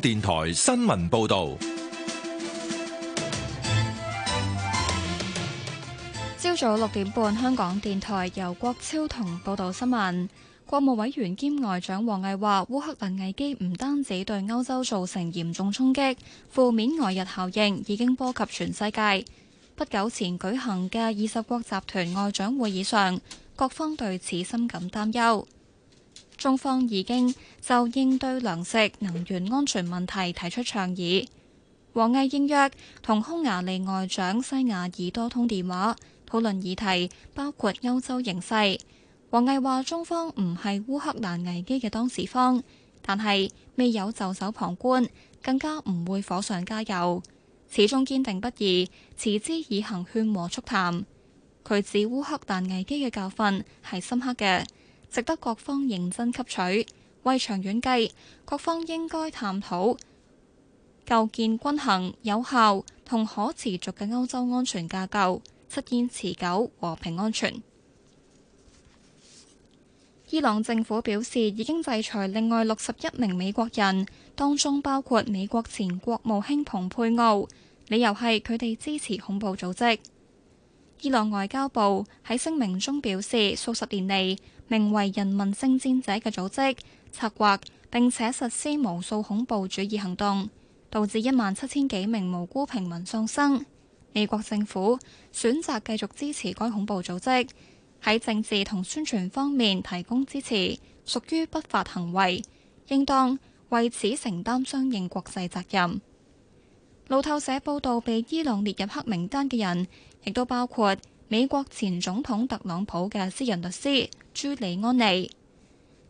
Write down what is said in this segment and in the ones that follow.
電台新聞報道：朝早六點半，香港電台由郭超同報道新聞。國務委員兼外長王毅話，烏克蘭危機唔單止對歐洲造成嚴重衝擊，負面外日效應已經波及全世界。不久前舉行嘅二十國集團外長會議上，各方對此深感擔憂。中方已經就應對糧食能源安全問題提出倡議。王毅應約同匈牙利外長西雅爾多通電話，討論議題包括歐洲形勢。王毅話：中方唔係烏克蘭危機嘅當事方，但係未有袖手旁觀，更加唔會火上加油，始終堅定不移，持之以恒，勸和促談。佢指烏克蘭危機嘅教訓係深刻嘅。值得各方認真吸取，為長遠計，各方應該探討構建均衡、有效同可持續嘅歐洲安全架構，實現持久和平安全。伊朗政府表示已經制裁另外六十一名美國人，當中包括美國前國務卿蓬佩奧，理由係佢哋支持恐怖組織。伊朗外交部喺聲明中表示，數十年嚟，名為人民聖戰者嘅組織策劃並且實施無數恐怖主義行動，導致一萬七千幾名無辜平民喪生。美國政府選擇繼續支持該恐怖組織，喺政治同宣傳方面提供支持，屬於不法行為，應當為此承擔相應國際責任。路透社報道，被伊朗列入黑名單嘅人，亦都包括。美國前總統特朗普嘅私人律師朱利安尼，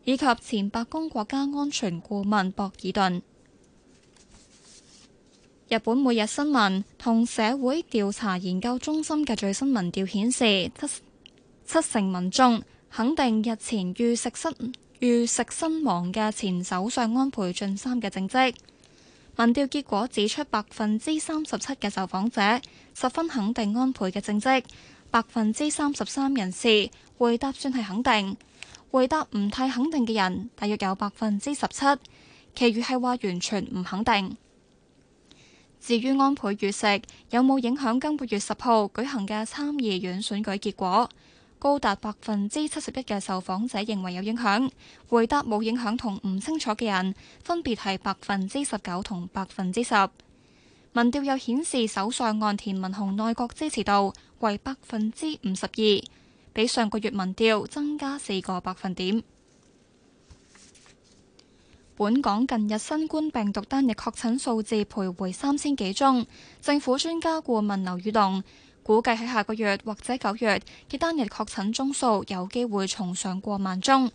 以及前白宮國家安全顧問博爾頓。日本每日新聞同社會調查研究中心嘅最新民調顯示，七七成民眾肯定日前遇食身遇食身亡嘅前首相安倍晉三嘅政績。民調結果指出，百分之三十七嘅受訪者十分肯定安倍嘅政績。百分之三十三人士回答算係肯定，回答唔太肯定嘅人大約有百分之十七，其餘係話完全唔肯定。至於安倍遇刺有冇影響，今個月十號舉行嘅參議院選舉結果，高達百分之七十一嘅受訪者認為有影響，回答冇影響同唔清楚嘅人分別係百分之十九同百分之十。民調又顯示首相岸田文雄內閣支持度。為百分之五十二，比上個月民調增加四個百分點。本港近日新冠病毒單日確診數字徘徊三千幾宗，政府專家顧問劉宇隆估計喺下個月或者九月，嘅單日確診宗數有機會重上過萬宗。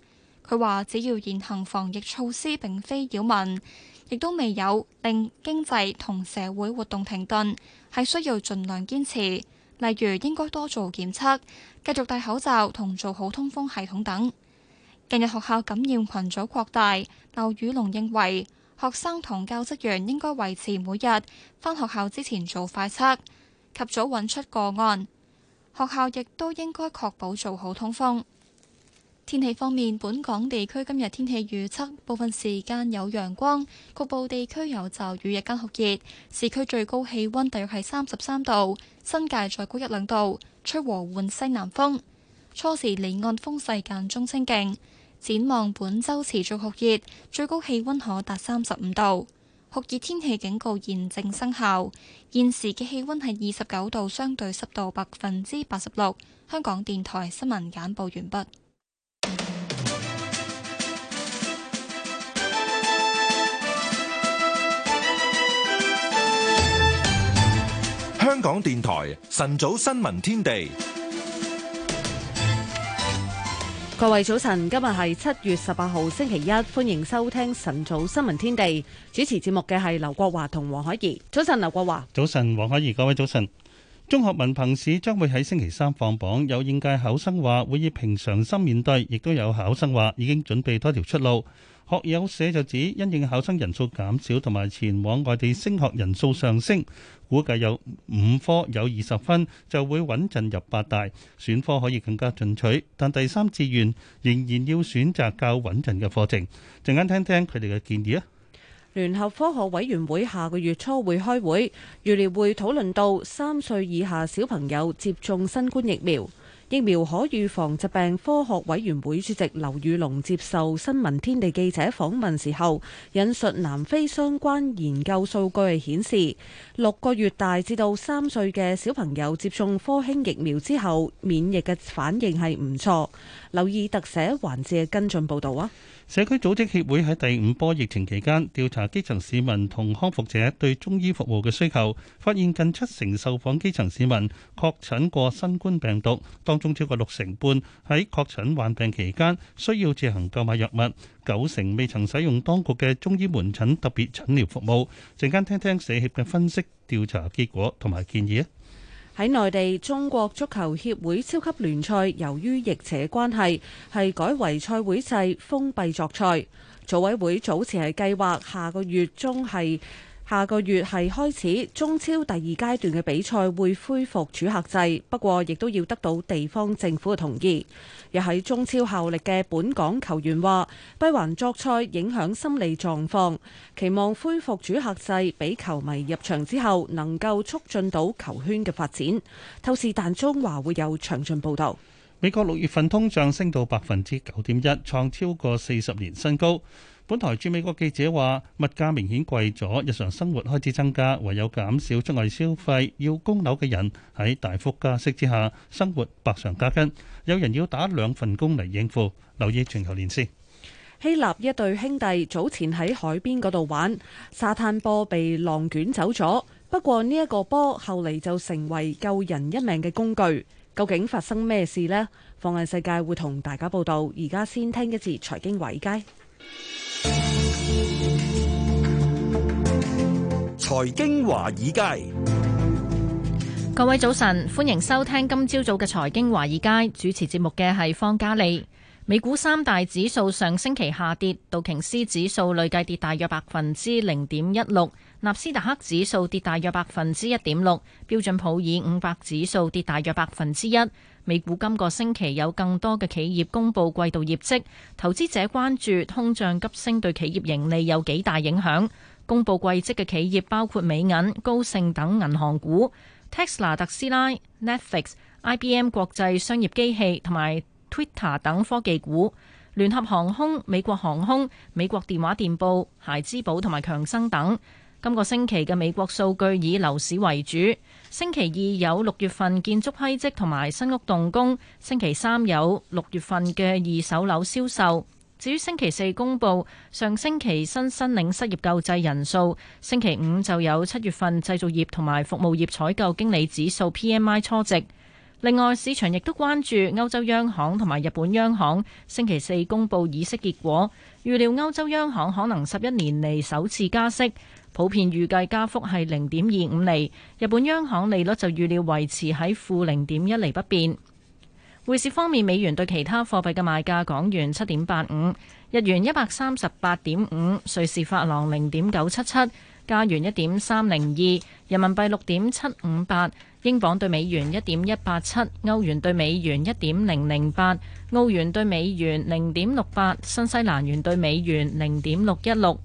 佢話，只要現行防疫措施並非擾民，亦都未有令經濟同社會活動停頓，係需要盡量堅持。例如應該多做檢測，繼續戴口罩同做好通風系統等。近日學校感染群組擴大，劉宇龍認為學生同教職員應該維持每日返學校之前做快測，及早揾出個案。學校亦都應該確保做好通風。天氣方面，本港地區今日天氣預測，部分時間有陽光，局部地區有驟雨。日間酷熱，市區最高氣溫大約係三十三度，新界再高一兩度，吹和緩西南風。初時離岸風勢間中清勁。展望本周持續酷熱，最高氣溫可達三十五度。酷熱天氣警告現正生效。現時嘅氣溫係二十九度，相對濕度百分之八十六。香港電台新聞簡報完畢。香港電台晨早新聞天地，各位早晨，今日係七月十八號星期一，歡迎收聽晨早新聞天地。主持節目嘅係劉國華同黃海怡。早晨，劉國華。早晨，黃海怡。各位早晨。中學文憑試將會喺星期三放榜，有應屆考生話會以平常心面對，亦都有考生話已經準備多條出路。學友社就指，因應考生人數減少同埋前往外地升學人數上升，估計有五科有二十分就會穩陣入八大，選科可以更加進取。但第三志願仍然要選擇較穩陣嘅課程。陣間聽聽佢哋嘅建議啊！聯合科學委員會下個月初會開會，預料會討論到三歲以下小朋友接種新冠疫苗。疫苗可預防疾病科學委員會主席劉宇龍接受新聞天地記者訪問時候，引述南非相關研究數據，顯示六個月大至到三歲嘅小朋友接種科興疫苗之後，免疫嘅反應係唔錯。留意特寫環節跟進報道啊！社區組織協會喺第五波疫情期間調查基層市民同康復者對中醫服務嘅需求，發現近七成受訪基層市民確診過新冠病毒當。中超過六成半喺確診患病期間需要自行購買藥物，九成未曾使用當局嘅中醫門診特別診療服務。陣間聽聽社協嘅分析調查結果同埋建議啊！喺內地，中國足球協會超級聯賽由於疫情關係係改為賽會制封閉作賽，組委會早前係計劃下個月中係。下個月係開始中超第二階段嘅比賽會恢復主客制，不過亦都要得到地方政府嘅同意。又喺中超效力嘅本港球員話，閉環作賽影響心理狀況，期望恢復主客制，俾球迷入場之後，能夠促進到球圈嘅發展。透視但中華會有詳盡報道。美國六月份通脹升到百分之九點一，創超過四十年新高。本台駐美國記者話：物價明顯貴咗，日常生活開始增加，唯有減少出外消費。要供樓嘅人喺大幅加息之下，生活百上加斤。有人要打兩份工嚟應付。留意全球連線。希臘一對兄弟早前喺海邊嗰度玩沙灘波，被浪捲走咗。不過呢一個波後嚟就成為救人一命嘅工具。究竟發生咩事呢？放眼世界會同大家報道。而家先聽一次財經偉佳。財經華爾街，各位早晨，歡迎收聽今朝早嘅財經華爾街。主持節目嘅係方嘉莉。美股三大指數上星期下跌，道瓊斯指數累計跌大約百分之零點一六，納斯達克指數跌大約百分之一點六，標準普爾五百指數跌大約百分之一。美股今個星期有更多嘅企業公佈季度業績，投資者關注通脹急升對企業盈利有幾大影響。公佈季績嘅企業包括美銀、高盛等銀行股、Tesla 特斯拉、Netflix、IBM 國際商業機器同埋 Twitter 等科技股、聯合航空、美國航空、美國電話電報、孩之寶同埋強生等。今個星期嘅美國數據以樓市為主。星期二有六月份建築批則同埋新屋動工，星期三有六月份嘅二手樓銷售。至於星期四公佈上星期新申領失業救濟人數，星期五就有七月份製造業同埋服務業採購經理指數 PMI 初值。另外，市場亦都關注歐洲央行同埋日本央行星期四公佈議息結果，預料歐洲央行可能十一年嚟首次加息。普遍預計加幅係零點二五厘。日本央行利率就預料維持喺負零點一厘不變。匯市方面，美元對其他貨幣嘅賣價：港元七點八五，日元一百三十八點五，瑞士法郎零點九七七，加元一點三零二，人民幣六點七五八，英鎊對美元一點一八七，歐元對美元一點零零八，澳元對美元零點六八，新西蘭元對美元零點六一六。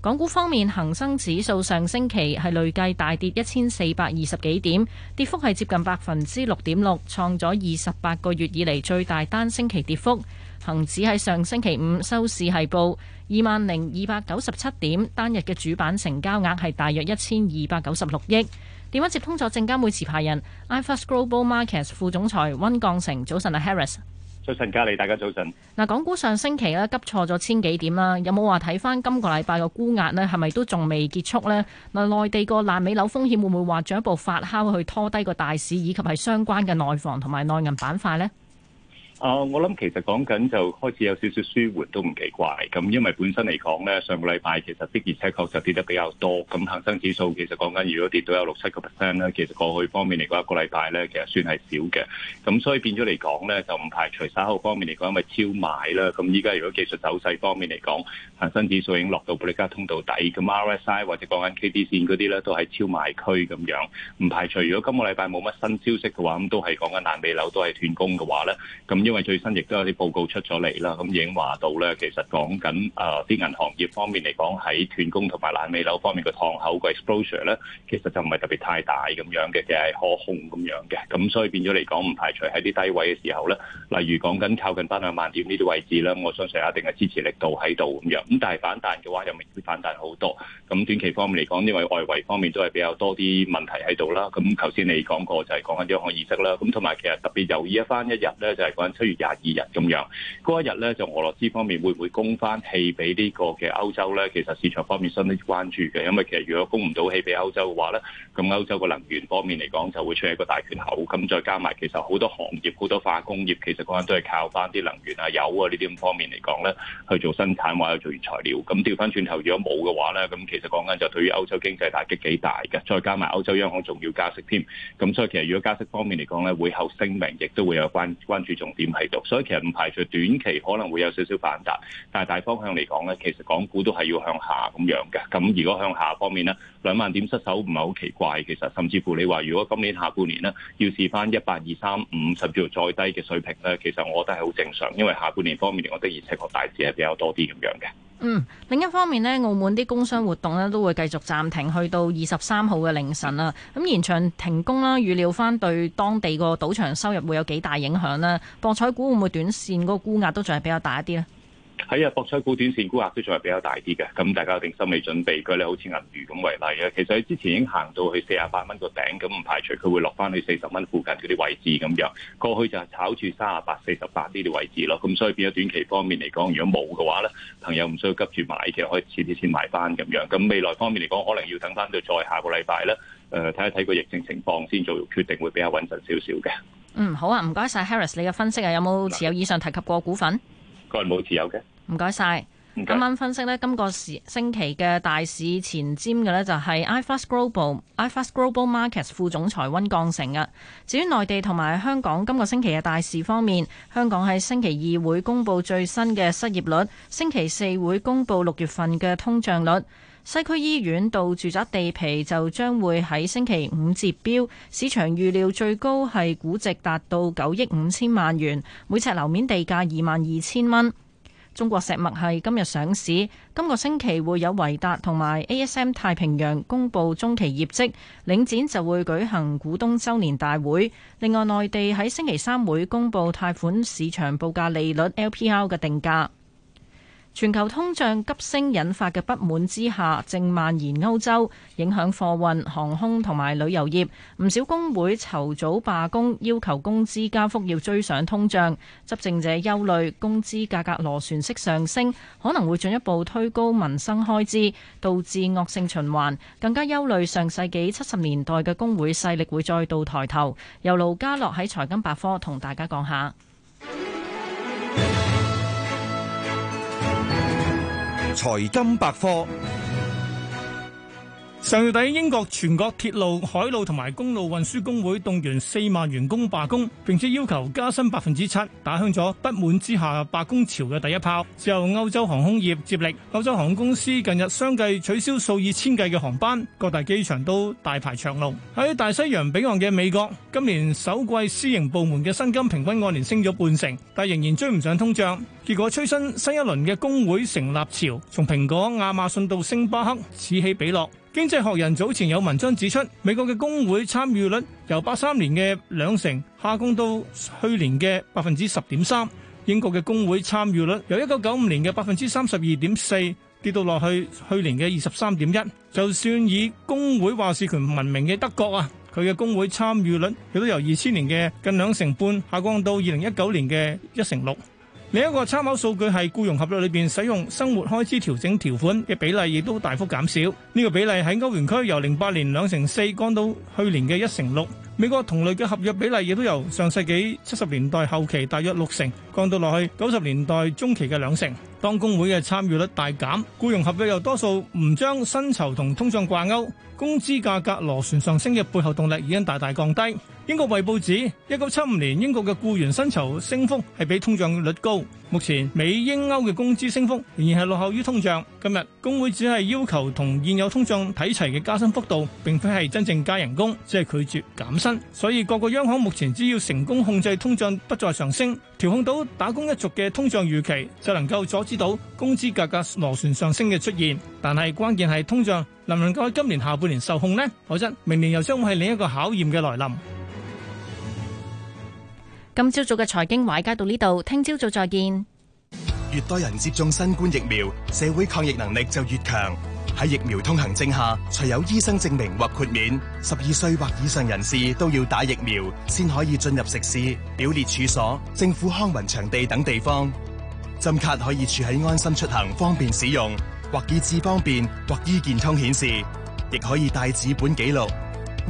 港股方面，恒生指數上星期係累計大跌一千四百二十幾點，跌幅係接近百分之六點六，創咗二十八個月以嚟最大單星期跌幅。恒指喺上星期五收市係報二萬零二百九十七點，單日嘅主板成交額係大約一千二百九十六億。電話接通咗證監會持牌人 iShares Global Markets 副總裁温鋼成，早晨阿 Harris。早晨，嘉利，大家早晨。嗱，港股上星期咧急挫咗千幾點啦，有冇話睇返今個禮拜個沽壓呢？係咪都仲未結束呢？嗱，內地個爛尾樓風險會唔會話進一步發酵去拖低個大市，以及係相關嘅內房同埋內銀板塊呢？啊，uh, 我諗其實講緊就開始有少少舒緩都唔奇怪。咁因為本身嚟講咧，上個禮拜其實的而且確就跌得比較多。咁恒生指數其實講緊，如果跌到有六七個 percent 咧，其實過去方面嚟講一個禮拜咧，其實算係少嘅。咁所以變咗嚟講咧，就唔排除稍後方面嚟講，因為超賣啦。咁依家如果技術走勢方面嚟講，恒生指數已經落到布林加通道底咁 RSI 或者講緊 K D 線嗰啲咧，都係超賣區咁樣。唔排除如果今個禮拜冇乜新消息嘅話，咁都係講緊爛尾樓都係斷供嘅話咧，咁。因為最新亦都有啲報告出咗嚟啦，咁已經話到咧，其實講緊啊啲銀行業方面嚟講，喺斷供同埋爛尾樓方面嘅敞口嘅、那個、exposure 咧，其實就唔係特別太大咁樣嘅，淨係可控咁樣嘅，咁所以變咗嚟講，唔排除喺啲低位嘅時候咧，例如講緊靠近翻兩萬點呢啲位置啦，我相信一定係支持力度喺度咁樣。咁但係反彈嘅話，又未會反彈好多。咁短期方面嚟講，因為外圍方面都係比較多啲問題喺度啦。咁頭先你講過就係講緊央行議息啦。咁同埋其實特別留意一翻一日咧，就係講，七月廿二日咁樣，嗰一日咧就俄羅斯方面會唔會供翻氣俾呢個嘅歐洲咧？其實市場方面相當之關注嘅，因為其實如果供唔到氣俾歐洲嘅話咧，咁歐洲個能源方面嚟講就會出現一個大缺口。咁再加埋其實好多行業好多化工業，其實講緊都係靠翻啲能源啊油啊呢啲咁方面嚟講咧去做生產或者做原材料。咁調翻轉頭，如果冇嘅話咧，咁其實講緊就對於歐洲經濟打擊幾大嘅。再加埋歐洲央行仲要加息添，咁所以其實如果加息方面嚟講咧，會後聲明亦都會有關關注重點。係所以其實唔排除短期可能會有少少反彈，但係大方向嚟講呢，其實港股都係要向下咁樣嘅。咁如果向下方面呢，兩萬點失守唔係好奇怪。其實甚至乎你話，如果今年下半年呢，要試翻一八二三五甚至乎再低嘅水平呢，其實我覺得係好正常，因為下半年方面，我的熱情個大市係比較多啲咁樣嘅。嗯、另一方面咧，澳門啲工商活動咧都會繼續暫停，去到二十三號嘅凌晨啦、啊。咁、嗯、延長停工啦、啊，預料翻對當地個賭場收入會有幾大影響咧、啊。博彩股會唔會短線嗰個沽壓都仲係比較大一啲咧？喺啊，博彩股短線沽壓都仲係比較大啲嘅，咁大家有定心理準備。佢你好似銀娛咁為例啊，其實佢之前已經行到去四十八蚊個頂，咁唔排除佢會落翻去四十蚊附近嗰啲位置咁樣。過去就係炒住三十八、四十八呢啲位置咯，咁所以變咗短期方面嚟講，如果冇嘅話咧，朋友唔需要急住買，嘅，可以遲啲先買翻咁樣。咁未來方面嚟講，可能要等翻到再下個禮拜咧，誒睇一睇個疫情情況先做決定，會比較穩陣少少嘅。嗯，好啊，唔該晒。Harris 你嘅分析啊，有冇持有以上提及過股份？佢冇自由嘅。唔該晒。今晚分析呢，今、這個時星期嘅大市前瞻嘅呢，就係 iFAST Global, iFAST Global Markets 副總裁温鋼成啊。至於內地同埋香港今、這個星期嘅大市方面，香港喺星期二會公佈最新嘅失業率，星期四會公佈六月份嘅通脹率。西區醫院道住宅地皮就將會喺星期五截標，市場預料最高係估值達到九億五千萬元，每尺樓面地價二萬二千蚊。中國石墨係今日上市，今、這個星期會有維達同埋 ASM 太平洋公布中期業績，領展就會舉行股東周年大會。另外，內地喺星期三會公布貸款市場報價利率 LPR 嘅定價。全球通脹急升引發嘅不滿之下，正蔓延歐洲，影響貨運、航空同埋旅遊業。唔少工會籌早罷工，要求工資加幅要追上通脹。執政者憂慮工資價格螺旋式上升，可能會進一步推高民生開支，導致惡性循環。更加憂慮上世紀七十年代嘅工會勢力會再度抬頭。由盧家樂喺財經百科同大家講下。財金百科。上月底，英國全國鐵路、海路同埋公路運輸工會動員四萬員工罷工，並且要求加薪百分之七，打響咗不滿之下罷工潮嘅第一炮。之後，歐洲航空業接力，歐洲航空公司近日相繼取消數以千計嘅航班，各大機場都大排長龍。喺大西洋彼岸嘅美國，今年首季私營部門嘅薪金平均按年升咗半成，但仍然追唔上通脹，結果催生新，新一輪嘅工會成立潮，從蘋果、亞馬遜到星巴克，此起彼落。經濟學人早前有文章指出，美國嘅工會參與率由八三年嘅兩成下降到去年嘅百分之十點三。英國嘅工會參與率由一九九五年嘅百分之三十二點四跌到落去去年嘅二十三點一。就算以工會話事權聞名嘅德國啊，佢嘅工會參與率亦都由二千年嘅近兩成半下降到二零一九年嘅一成六。另一個參考數據係僱傭合約裏邊使用生活開支調整條款嘅比例，亦都大幅減少。呢個比例喺歐元區由零八年兩成四降到去年嘅一成六。美國同類嘅合約比例亦都由上世紀七十年代後期大約六成，降到落去九十年代中期嘅兩成。當工會嘅參與率大減，僱傭合約又多數唔將薪酬同通脹掛鈎，工資價格螺旋上升嘅背後動力已經大大降低。英國衛報指，一九七五年英國嘅僱員薪酬升幅係比通脹率高。目前美英歐嘅工資升幅仍然係落後於通脹。今日工會只係要求同現有通脹睇齊嘅加薪幅度，並非係真正加人工，只係拒絕減薪。所以各個央行目前只要成功控制通脹不再上升，調控到打工一族嘅通脹預期，就能夠阻止到工資價格螺旋上升嘅出現。但係關鍵係通脹能唔能夠喺今年下半年受控呢？否則明年又將會係另一個考驗嘅來臨。今朝早嘅財經話解到呢度，聽朝早再見。越多人接種新冠疫苗，社會抗疫能力就越強。喺疫苗通行證下，除有醫生證明或豁免，十二歲或以上人士都要打疫苗，先可以進入食肆、表列處所、政府康文場地等地方。針卡可以儲喺安心出行，方便使用，或以智方便，或醫健通顯示，亦可以帶紙本記錄，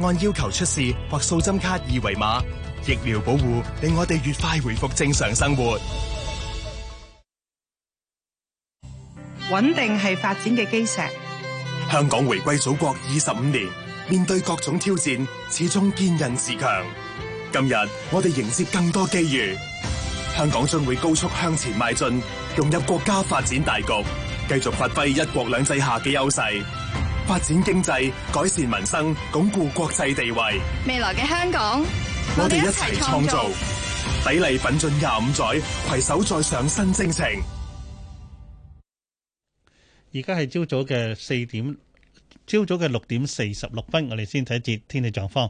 按要求出示或掃針卡二維碼。疫苗保護令我哋越快回復正常生活，穩定係發展嘅基石。香港回歸祖國二十五年，面對各種挑戰，始終堅韌自強。今日我哋迎接更多機遇，香港將會高速向前邁進，融入國家發展大局，繼續發揮一國兩制下嘅優勢，發展經濟，改善民生，鞏固國際地位。未來嘅香港。我哋一齊創造，創造砥礪奮進廿五載，攜手再上新征程。而家係朝早嘅四點，朝早嘅六點四十六分，我哋先睇一節天氣狀況。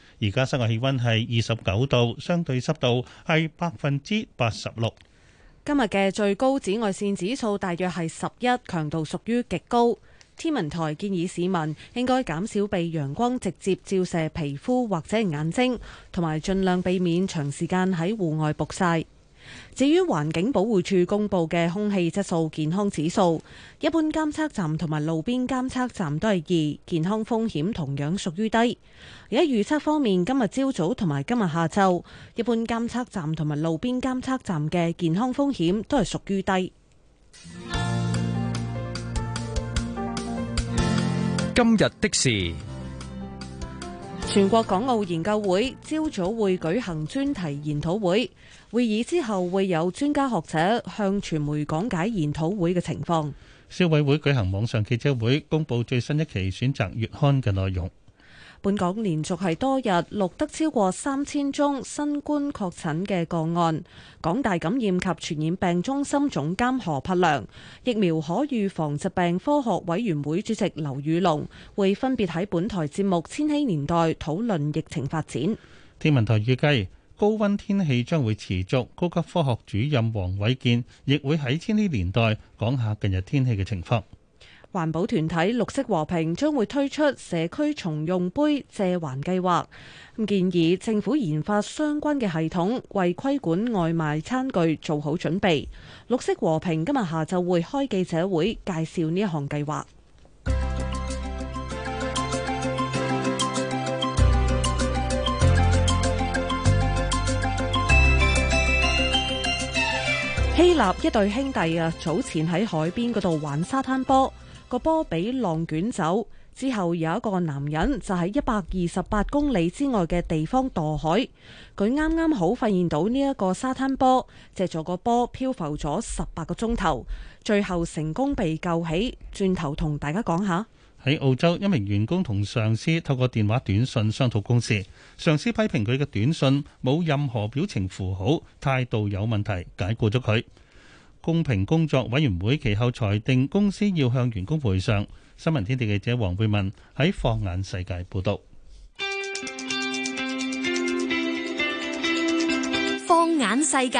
而家室外氣溫係二十九度，相對濕度係百分之八十六。今日嘅最高紫外線指數大約係十一，強度屬於極高。天文台建議市民應該減少被陽光直接照射皮膚或者眼睛，同埋盡量避免長時間喺戶外曝曬。至於環境保護署公布嘅空氣質素健康指數，一般監測站同埋路邊監測站都係二，健康風險同樣屬於低。而喺預測方面，今日朝早同埋今日下晝，一般監測站同埋路邊監測站嘅健康風險都係屬於低。今日的士。全國港澳研究會朝早會舉行專題研討會，會議之後會有專家學者向傳媒講解研討會嘅情況。消委會舉行網上記者會，公布最新一期選擇月刊嘅內容。本港連續係多日錄得超過三千宗新冠確診嘅個案，港大感染及傳染病中心總監何柏良、疫苗可預防疾病科學委員會主席劉宇龍會分別喺本台節目《千禧年代》討論疫情發展。天文台預計高溫天氣將會持續，高級科學主任黃偉健亦會喺《千禧年代》講下近日天氣嘅情況。環保團體綠色和平將會推出社區重用杯借還計劃，建議政府研發相關嘅系統，為規管外賣餐具做好準備。綠色和平今日下晝會開記者會介紹呢一項計劃。 希臘一對兄弟啊，早前喺海邊嗰度玩沙灘波。個波俾浪捲走，之後，有一個男人就喺一百二十八公里之外嘅地方墮海。佢啱啱好發現到呢一個沙灘波，借助個波漂浮咗十八個鐘頭，最後成功被救起。轉頭同大家講下，喺澳洲，一名員工同上司透過電話短信商討公事，上司批評佢嘅短信冇任何表情符號，態度有問題，解雇咗佢。公平工作委員會其後裁定公司要向員工賠償。新聞天地記者黃佩文喺放眼世界報道。放眼世界，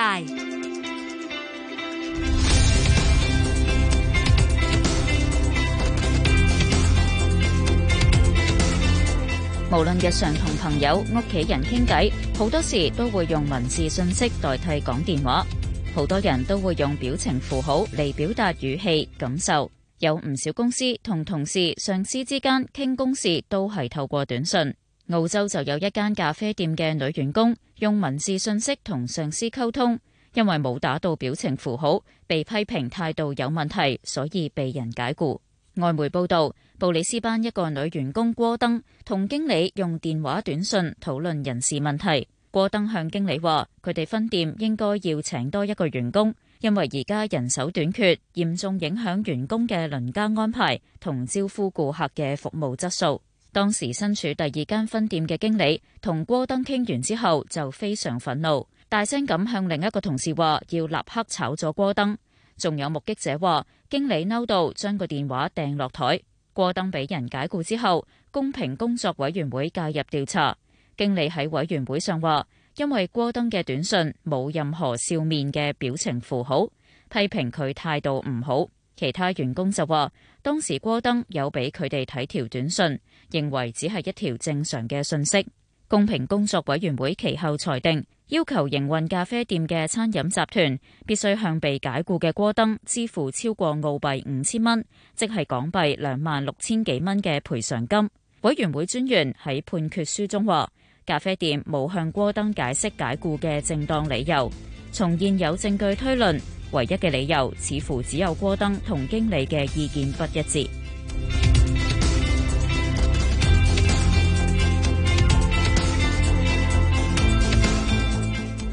無論日常同朋友、屋企人傾偈，好多時都會用文字信息代替講電話。好多人都會用表情符號嚟表達語氣、感受，有唔少公司同同事、上司之間傾公事都係透過短信。澳洲就有一間咖啡店嘅女員工用文字信息同上司溝通，因為冇打到表情符號，被批評態度有問題，所以被人解雇。外媒報道，布里斯班一個女員工郭登同經理用電話短信討論人事問題。郭登向經理話，佢哋分店應該要請多一個員工，因為而家人手短缺，嚴重影響員工嘅輪班安排同招呼顧客嘅服務質素。當時身處第二間分店嘅經理同郭登傾完之後，就非常憤怒，大聲咁向另一個同事話要立刻炒咗郭登。仲有目擊者話，經理嬲到將個電話掟落台。郭登俾人解雇之後，公平工作委員會介入調查。經理喺委員會上話，因為郭登嘅短信冇任何笑面嘅表情符號，批評佢態度唔好。其他員工就話，當時郭登有俾佢哋睇條短信，認為只係一條正常嘅信息。公平工作委員會其後裁定，要求營運咖啡店嘅餐飲集團必須向被解雇嘅郭登支付超過澳幣五千蚊，即係港幣兩萬六千幾蚊嘅賠償金。委員會專員喺判決書中話，咖啡店冇向戈登解釋解雇嘅正當理由，從現有證據推論，唯一嘅理由似乎只有戈登同經理嘅意見不一致。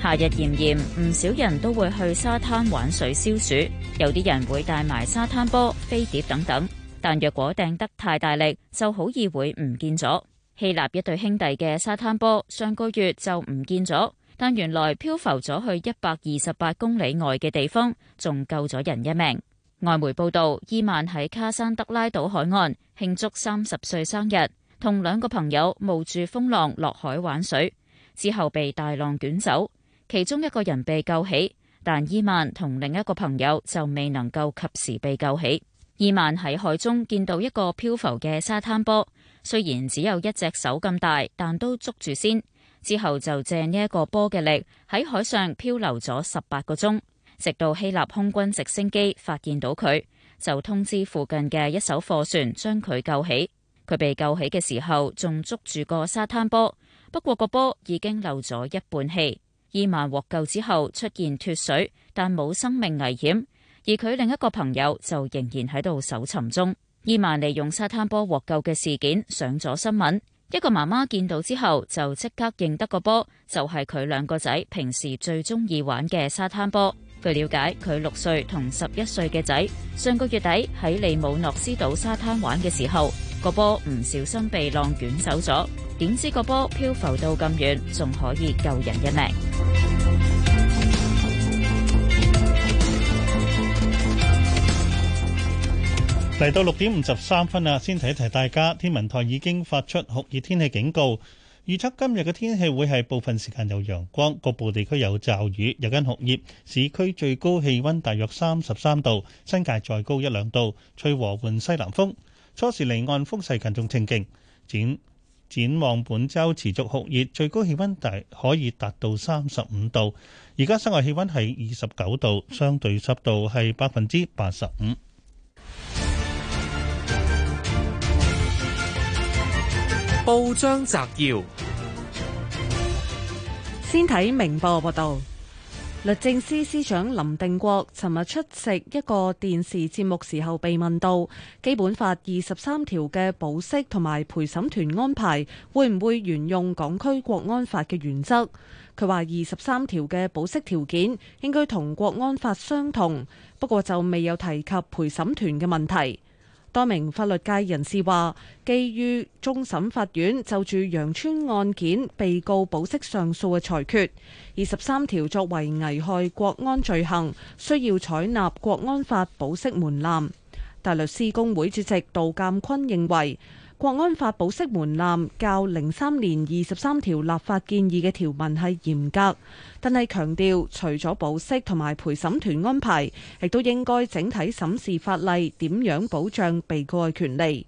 夏日炎炎，唔少人都會去沙灘玩水消暑，有啲人會帶埋沙灘波、飛碟等等，但若果掟得太大力，就好易會唔見咗。希臘一對兄弟嘅沙灘波上個月就唔見咗，但原來漂浮咗去一百二十八公里外嘅地方，仲救咗人一命。外媒報道，伊曼喺卡山德拉島海岸慶祝三十歲生日，同兩個朋友冒住風浪落海玩水，之後被大浪捲走，其中一個人被救起，但伊曼同另一個朋友就未能夠及時被救起。伊曼喺海中見到一個漂浮嘅沙灘波。雖然只有一隻手咁大，但都捉住先。之後就借呢一個波嘅力喺海上漂流咗十八個鐘，直到希臘空軍直升機發現到佢，就通知附近嘅一艘貨船將佢救起。佢被救起嘅時候仲捉住個沙灘波，不過個波已經漏咗一半氣。伊曼獲救之後出現脫水，但冇生命危險。而佢另一個朋友就仍然喺度搜尋中。伊曼利用沙灘波獲救嘅事件上咗新聞，一個媽媽見到之後就即刻認得個波，就係佢兩個仔平時最中意玩嘅沙灘波。據了解，佢六歲同十一歲嘅仔上個月底喺利姆諾斯島沙灘玩嘅時候，個波唔小心被浪捲走咗，點知個波漂浮到咁遠，仲可以救人一命。嚟到六點五十三分啦，先提一提大家。天文台已經發出酷熱天氣警告，預測今日嘅天氣會係部分時間有陽光，局部地區有驟雨，有間酷熱。市區最高氣溫大約三十三度，新界再高一兩度。吹和緩西南風，初時離岸風勢間中清勁。展展望本週持續酷熱，最高氣溫大可以達到三十五度。而家室外氣溫係二十九度，相對濕度係百分之八十五。報章摘要：先睇明報報道，律政司司長林定國尋日出席一個電視節目時候，被問到《基本法》二十三條嘅保釋同埋陪審團安排會唔會沿用港區國安法嘅原則，佢話二十三條嘅保釋條件應該同國安法相同，不過就未有提及陪審團嘅問題。多名法律界人士話，基於終審法院就住楊村案件被告保釋上訴嘅裁決，二十三條作為危害國安罪行，需要採納國安法保釋門檻。大律師公會主席杜鑑坤認為，國安法保釋門檻較零三年二十三條立法建議嘅條文係嚴格，但係強調除咗保釋同埋陪審團安排，亦都應該整體審視法例點樣保障被告嘅權利。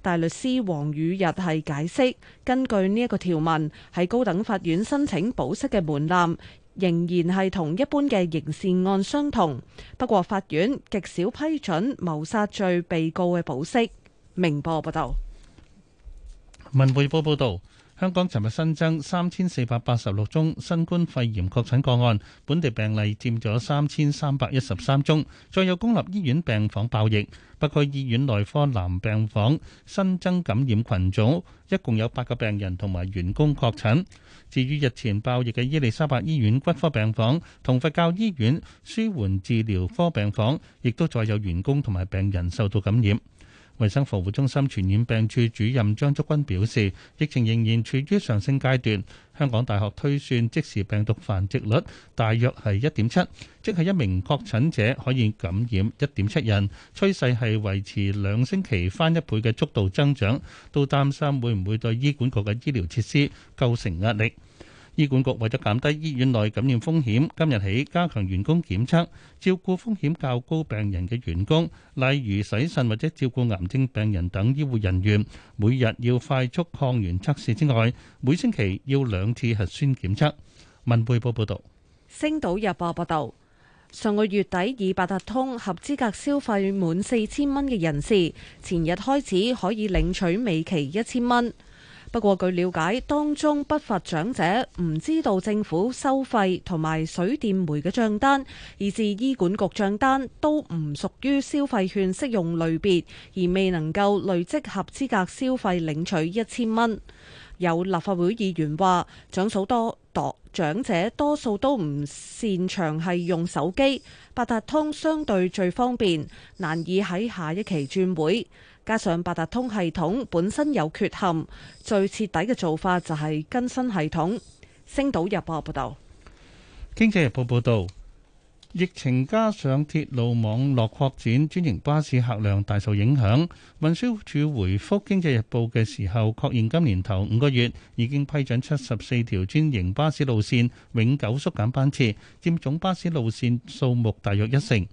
大律師黃宇日係解釋，根據呢一個條文，喺高等法院申請保釋嘅門檻仍然係同一般嘅刑事案相同，不過法院極少批准謀殺罪被告嘅保釋。明報報道。文匯報報道，香港尋日新增三千四百八十六宗新冠肺炎確診個案，本地病例佔咗三千三百一十三宗。再有公立醫院病房爆疫，北區醫院內科男病房新增感染群組，一共有八個病人同埋員工確診。至於日前爆疫嘅伊利沙伯醫院骨科病房同佛教醫院舒緩治療科病房，亦都再有員工同埋病人受到感染。衛生防護中心傳染病處主任張竹君表示，疫情仍然處於上升階段。香港大學推算即時病毒繁殖率大約係一點七，即係一名確診者可以感染一點七人。趨勢係維持兩星期翻一倍嘅速度增長，都擔心會唔會對醫管局嘅醫療設施構成壓力。醫管局為咗減低醫院內感染風險，今日起加強員工檢測，照顧風險較高病人嘅員工，例如洗腎或者照顧癌症病人等醫護人員，每日要快速抗原測試之外，每星期要兩次核酸檢測。文匯報報道，星島日報報道，上個月底以八達通合資格消費滿四千蚊嘅人士，前日開始可以領取美期一千蚊。不過據了解，當中不乏長者唔知道政府收費同埋水電煤嘅帳單，以至醫管局帳單都唔屬於消費券適用類別，而未能夠累積合資格消費領取一千蚊。有立法會議員話，長數多，多長者多數都唔擅長係用手機，八達通相對最方便，難以喺下一期轉會。加上八達通系統本身有缺陷，最徹底嘅做法就係更新系統。星島日報報道，經濟日報報道，疫情加上鐵路網絡擴展，專營巴士客量大受影響。運輸署回覆經濟日報嘅時候，確認今年頭五個月已經批准七十四條專營巴士路線永久縮減班次，佔總巴士路線數目大約一成。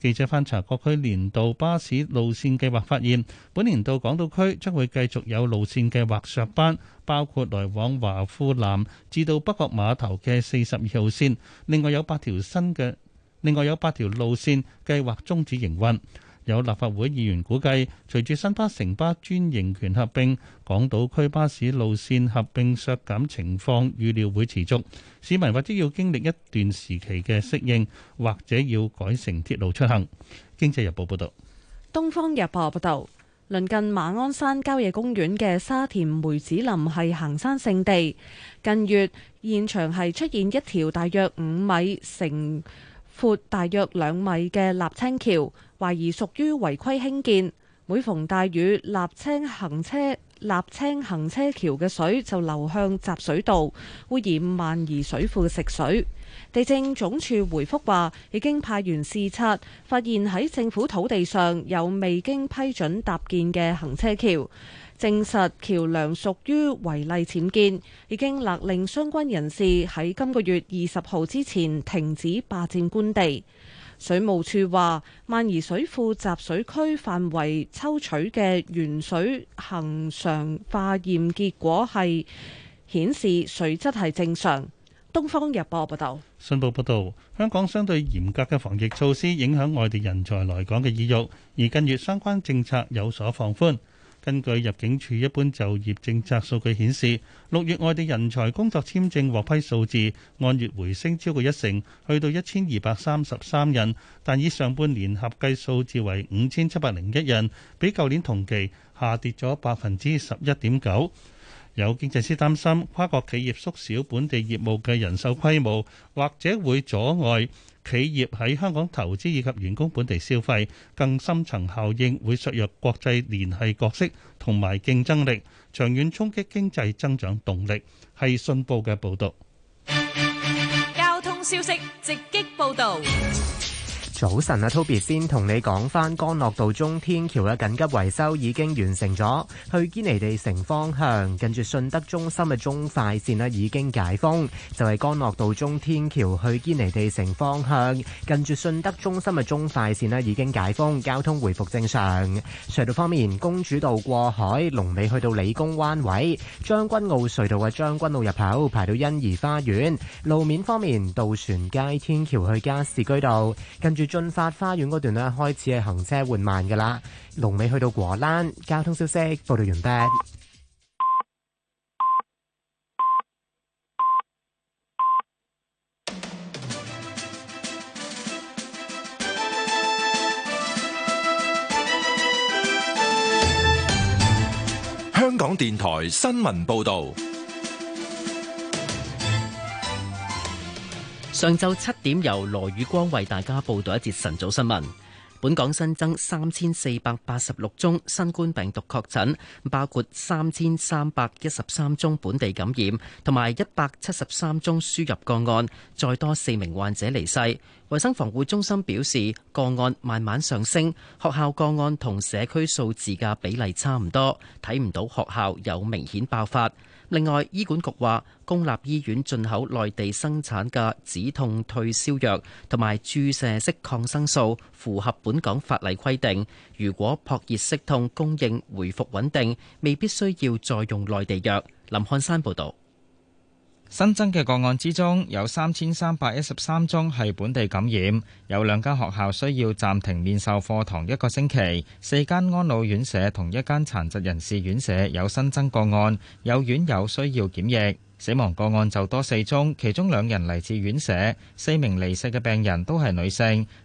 記者翻查各區年度巴士路線計劃發現，本年度港島區將會繼續有路線計劃削班，包括來往華富南至到北角碼頭嘅四十二號線，另外有八條新嘅，另外有八條路線計劃終止營運。有立法會議員估計，隨住新巴、城巴專營權合併，港島區巴士路線合併削減情況預料會持續，市民或者要經歷一段時期嘅適應，或者要改乘鐵路出行。經濟日報報道。東方日報報道，鄰近馬鞍山郊野公園嘅沙田梅子林係行山勝地，近月現場係出現一條大約五米成闊、大約兩米嘅立青橋。懷疑屬於違規興建，每逢大雨，立青行車立青行車橋嘅水就流向集水道，污染萬宜水庫嘅食水。地政總署回覆話，已經派員視察，發現喺政府土地上有未經批准搭建嘅行車橋，證實橋梁屬於違例僭建，已經勒令相關人士喺今個月二十號之前停止霸佔官地。水務處話，萬宜水庫集水區範圍抽取嘅原水恒常化驗結果係顯示水質係正常。《東方日報》報道，信報報道，香港相對嚴格嘅防疫措施影響外地人才來港嘅意欲，而近月相關政策有所放寬。根據入境處一般就業政策數據顯示，六月外地人才工作簽證獲批數字按月回升超過一成，去到一千二百三十三人，但以上半年合計數字為五千七百零一人，比舊年同期下跌咗百分之十一點九。有經濟師擔心，跨國企業縮小本地業務嘅人手規模，或者會阻礙企業喺香港投資以及員工本地消費，更深層效應會削弱國際聯繫角色同埋競爭力，長遠衝擊經濟增長動力。係信報嘅報道。交通消息直擊報道。早晨啊，Toby 先同你講翻，干諾道中天橋嘅緊急維修已經完成咗，去堅尼地城方向，近住信德中心嘅中快線咧已經解封，就係干諾道中天橋去堅尼地城方向，近住信德中心嘅中快線咧已經解封，交通回復正常。隧道方面，公主道過海，龍尾去到理工灣位；將軍澳隧道嘅將軍澳入口排到欣怡花園。路面方面，渡船街天橋去加士居道，跟住。駿發花園嗰段咧開始係行車緩慢噶啦，龍尾去到果欄。交通消息報道完畢。香港電台新聞報道。上晝七點，由羅宇光為大家報道一節晨早新聞。本港新增三千四百八十六宗新冠病毒確診，包括三千三百一十三宗本地感染，同埋一百七十三宗輸入個案。再多四名患者離世。衛生防護中心表示，個案慢慢上升，學校個案同社區數字嘅比例差唔多，睇唔到學校有明顯爆發。另外，醫管局話，公立醫院進口內地生產嘅止痛退燒藥同埋注射式抗生素符合本港法例規定。如果撲熱息痛供應回復穩定，未必需要再用內地藥。林漢山報道。新增嘅個案之中，有三千三百一十三宗係本地感染，有兩間學校需要暫停面授課堂一個星期，四間安老院舍同一間殘疾人士院舍有新增個案，有院友需要檢疫，死亡個案就多四宗，其中兩人嚟自院舍，四名離世嘅病人都係女性。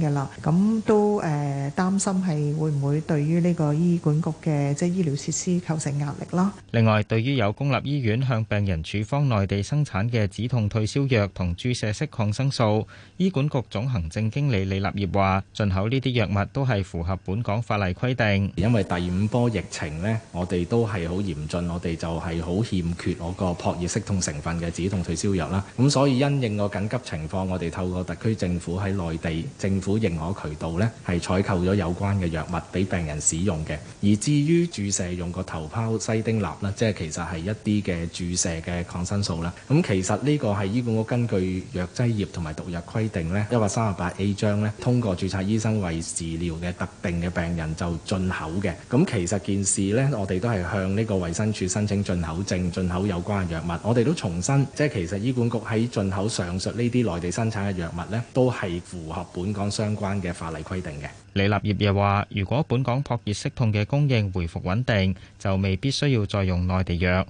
嘅啦，咁都誒擔心係會唔會對於呢個醫管局嘅即係醫療設施構成壓力啦。另外，對於有公立醫院向病人處方內地生產嘅止痛退燒藥同注射式抗生素，醫管局總行政經理李立業話，進口呢啲藥物都係符合本港法例規定。因為第五波疫情呢，我哋都係好嚴峻，我哋就係好欠缺我個撲熱息痛成分嘅止痛退燒藥啦。咁所以因應個緊急情況，我哋透過特區政府喺內地政府認可渠道咧，係採購咗有關嘅藥物俾病人使用嘅。而至於注射用個頭孢西丁鈉咧，即係其實係一啲嘅注射嘅抗生素啦。咁其實呢個係醫管局根據藥劑業同埋毒藥規定咧，一百三十八 A 章咧，通過註冊醫生為治療嘅特定嘅病人就進口嘅。咁其實件事咧，我哋都係向呢個衛生署申請進口證，進口有關嘅藥物。我哋都重申，即係其實醫管局喺進口上述呢啲內地生產嘅藥物咧，都係符合本港相關嘅法例規定嘅李立業，又話，如果本港撲熱息痛嘅供應回復穩定，就未必需要再用內地藥。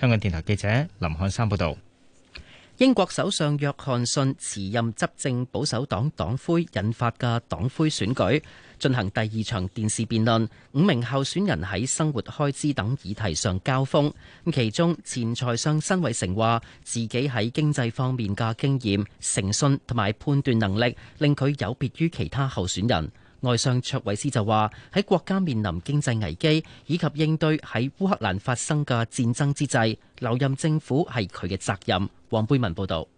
香港電台記者林漢山報導。英國首相約翰遜辭任執政保守黨黨魁，引發嘅黨魁選舉。進行第二場電視辯論，五名候選人喺生活開支等議題上交鋒。其中，前財相辛偉誠話自己喺經濟方面嘅經驗、誠信同埋判斷能力令佢有別於其他候選人。外相卓慧思就話喺國家面臨經濟危機以及應對喺烏克蘭發生嘅戰爭之際，留任政府係佢嘅責任。黃貝文報導。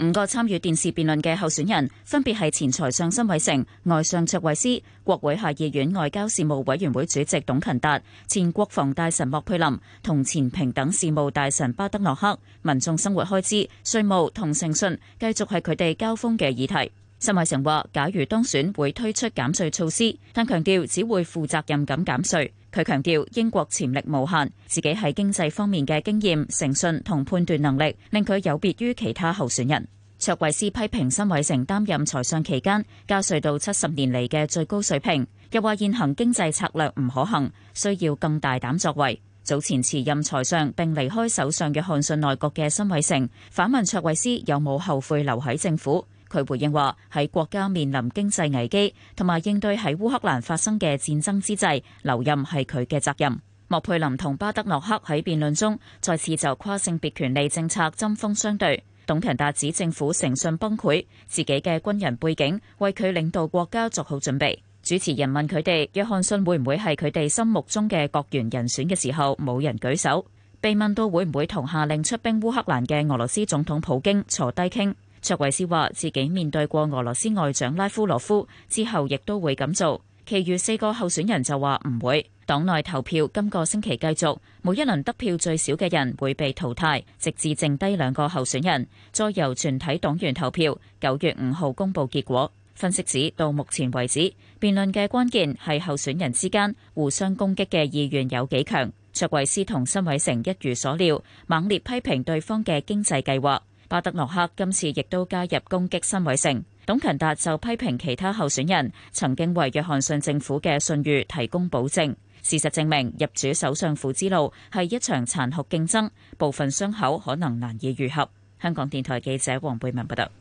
五個參與電視辯論嘅候選人，分別係前財相辛偉成、外相卓慧思、國會下議院外交事務委員會主席董勤達、前國防大臣莫佩林同前平等事務大臣巴德諾克。民眾生活開支、稅務同誠信繼續係佢哋交鋒嘅議題。辛偉成話，假如當選會推出減稅措施，但強調只會負責任咁減稅。佢強調英國潛力無限，自己喺經濟方面嘅經驗、誠信同判斷能力，令佢有別於其他候選人。卓慧思批評辛偉誠擔任財相期間加稅到七十年嚟嘅最高水平，又話現行經濟策略唔可行，需要更大膽作為。早前辭任財相並離開首相約翰遜內閣嘅辛偉誠反問卓慧思有冇後悔留喺政府。佢回應話：喺國家面臨經濟危機同埋應對喺烏克蘭發生嘅戰爭之際，留任係佢嘅責任。莫佩林同巴德洛克喺辯論中再次就跨性別權利政策針鋒相對。董強達指政府誠信崩潰，自己嘅軍人背景為佢領導國家作好準備。主持人問佢哋約翰遜會唔會係佢哋心目中嘅國元人選嘅時候，冇人舉手。被問到會唔會同下令出兵烏克蘭嘅俄羅斯總統普京坐低傾。卓偉斯話自己面對過俄羅斯外長拉夫羅夫，之後亦都會咁做。其餘四個候選人就話唔會。黨內投票今個星期繼續，每一輪得票最少嘅人會被淘汰，直至剩低兩個候選人，再由全體黨員投票。九月五號公布結果。分析指到目前為止，辯論嘅關鍵係候選人之間互相攻擊嘅意願有幾強。卓偉斯同辛偉成一如所料，猛烈批評對方嘅經濟計劃。巴德諾克今次亦都加入攻擊辛偉誠，董勤達就批評其他候選人曾經為約翰遜政府嘅信譽提供保證。事實證明，入主首相府之路係一場殘酷競爭，部分傷口可能難以愈合。香港電台記者黃貝文報道。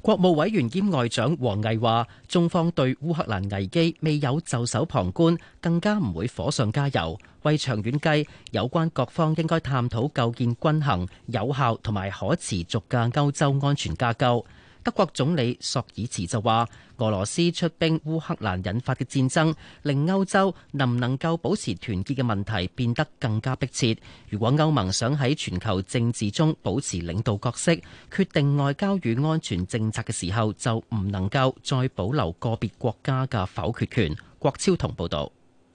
國務委員兼外長王毅話：中方對烏克蘭危機未有袖手旁觀，更加唔會火上加油。為長遠計，有關各方應該探討構建均衡、有效同埋可持續嘅歐洲安全架構。德國總理索爾茨就話：俄羅斯出兵烏克蘭引發嘅戰爭，令歐洲能唔能夠保持團結嘅問題變得更加迫切。如果歐盟想喺全球政治中保持領導角色，決定外交與安全政策嘅時候，就唔能夠再保留個別國家嘅否決權。郭超同報道。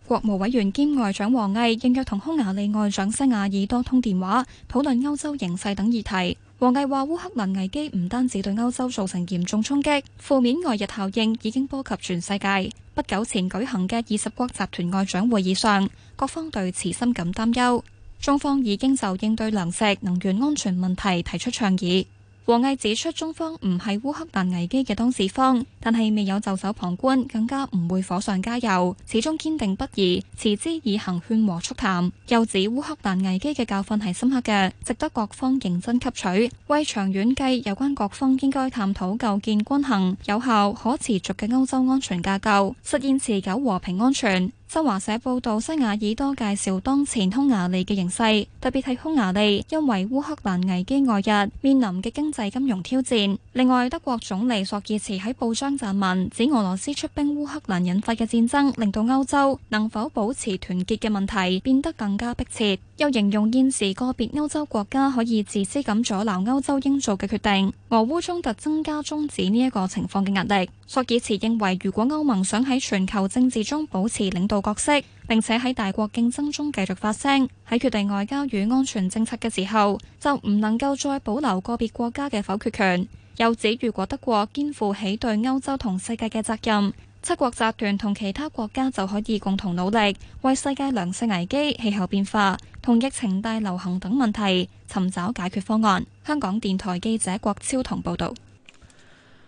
國務委員兼外長王毅應約同匈牙利外長西雅爾多通電話，討論歐洲形勢等議題。王毅話：烏克蘭危機唔單止對歐洲造成嚴重衝擊，負面外溢效應已經波及全世界。不久前舉行嘅二十國集團外長會議上，各方對此深感擔憂。中方已經就應對糧食、能源安全問題提出倡議。王毅指出，中方唔係烏克蘭危機嘅當事方，但係未有袖手旁觀，更加唔會火上加油，始終堅定不移，持之以恒，勸和促談，又指烏克蘭危機嘅教訓係深刻嘅，值得各方認真吸取。為長遠計，有關各方應該探討構建均衡、有效、可持續嘅歐洲安全架構，實現持久和平安全。新華社報道，西雅爾多介紹當前匈牙利嘅形勢，特別係匈牙利因為烏克蘭危機外日面臨嘅經濟金融挑戰。另外，德國總理朔爾茨喺報章撰文，指俄羅斯出兵烏克蘭引發嘅戰爭，令到歐洲能否保持團結嘅問題變得更加迫切。又形容現時個別歐洲國家可以自私咁阻撓歐洲應做嘅決定，俄烏衝突增加中止呢一個情況嘅壓力。朔爾茨認為，如果歐盟想喺全球政治中保持領導，角色，並且喺大國競爭中繼續發聲，喺決定外交與安全政策嘅時候，就唔能夠再保留個別國家嘅否決權。又指，如果德國肩負起對歐洲同世界嘅責任，七國集團同其他國家就可以共同努力，為世界糧食危機、氣候變化同疫情大流行等問題尋找解決方案。香港電台記者郭超彤報道。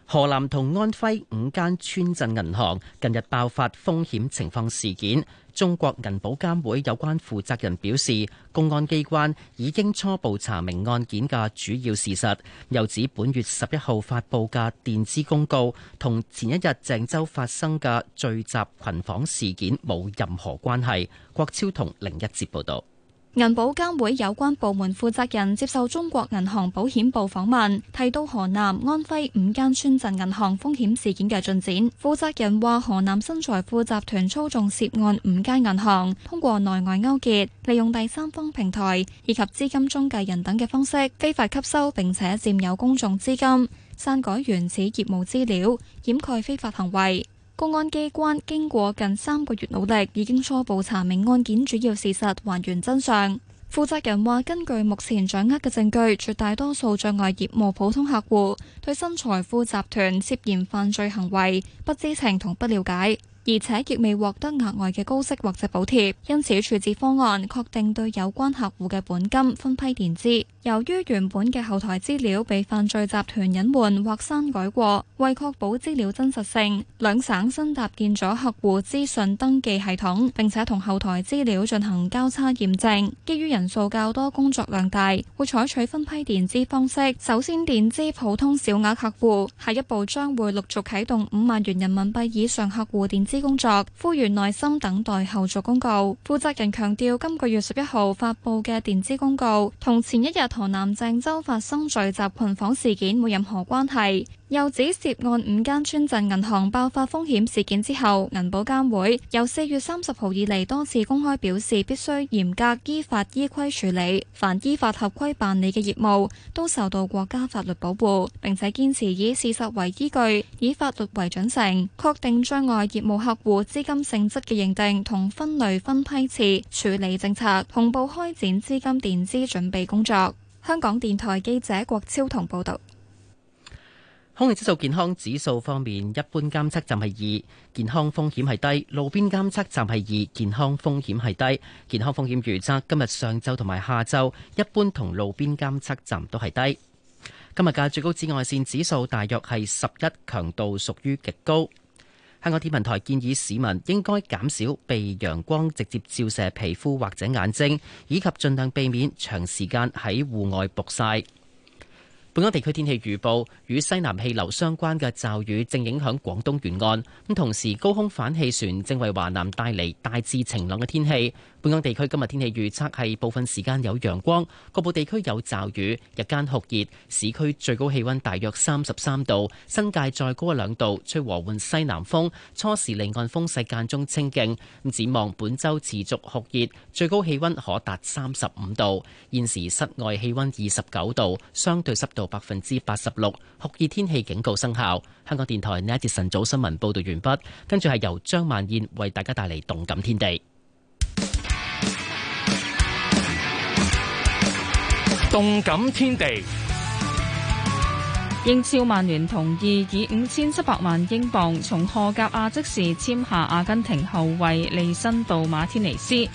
河南同安徽五間村鎮銀行近日爆發風險情況事件，中國銀保監會有關負責人表示，公安機關已經初步查明案件嘅主要事實，又指本月十一號發佈嘅電子公告，同前一日鄭州發生嘅聚集群訪事件冇任何關係。郭超同凌一捷報道。銀保監會有關部門負責人接受中國銀行保險報訪問，提到河南、安徽五間村鎮銀行風險事件嘅進展。負責人話：河南新財富集團操縱涉案五間銀行，通過內外勾結、利用第三方平台以及資金中介人等嘅方式，非法吸收並且佔有公眾資金，刪改原始業務資料，掩蓋非法行為。公安機關經過近三個月努力，已經初步查明案件主要事實，還原真相。負責人話，根據目前掌握嘅證據，絕大多數障礙業務普通客戶對新財富集團涉嫌犯罪行為不知情同不了解。而且亦未獲得額外嘅高息或者補貼，因此處置方案確定對有關客戶嘅本金分批墊資。由於原本嘅後台資料被犯罪集團隱瞞或刪改過，為確保資料真實性，兩省新搭建咗客戶資訊登記系統，並且同後台資料進行交叉驗證。基於人數較多、工作量大，會採取分批墊資方式，首先墊資普通小額客戶，下一步將會陸續啟動五萬元人民幣以上客戶墊資。工作，呼籲耐心等待後續公告。負責人強調，今個月十一號發布嘅墊資公告，同前一日河南鄭州發生聚集群訪事件冇任何關係。又指涉案五間村鎮銀行爆發風險事件之後，銀保監會由四月三十號以嚟，多次公開表示，必須嚴格依法依規處理。凡依法合規辦理嘅業務，都受到國家法律保護，並且堅持以事實為依據，以法律為準繩，確定在外業務。客戶資金性質嘅認定同分類分批次處理政策，同步開展資金墊資準備工作。香港電台記者郭超同報道。空氣質素健康指數方面，一般監測站係二，健康風險係低；路邊監測站係二，健康風險係低。健康風險預測今日上晝同埋下晝，一般同路邊監測站都係低。今日嘅最高紫外線指數大約係十一，強度屬於極高。香港天文台建議市民應該減少被陽光直接照射皮膚或者眼睛，以及盡量避免長時間喺戶外曝曬。本港地區天氣預報，與西南氣流相關嘅驟雨正影響廣東沿岸，咁同時高空反氣旋正為華南帶嚟大致晴朗嘅天氣。本港地區今日天氣預測係部分時間有陽光，局部地區有驟雨，日間酷熱，市區最高氣溫大約三十三度，新界再高一兩度，吹和緩西南風，初時離岸風勢間中清勁。展望本週持續酷熱，最高氣溫可達三十五度。現時室外氣溫二十九度，相對濕度百分之八十六，酷熱天氣警告生效。香港電台呢一節晨早新聞報道完畢，跟住係由張萬燕為大家帶嚟動感天地。動感天地，英超曼聯同意以五千七百萬英鎊從荷甲阿積士簽下阿根廷後衛利申度馬天尼斯。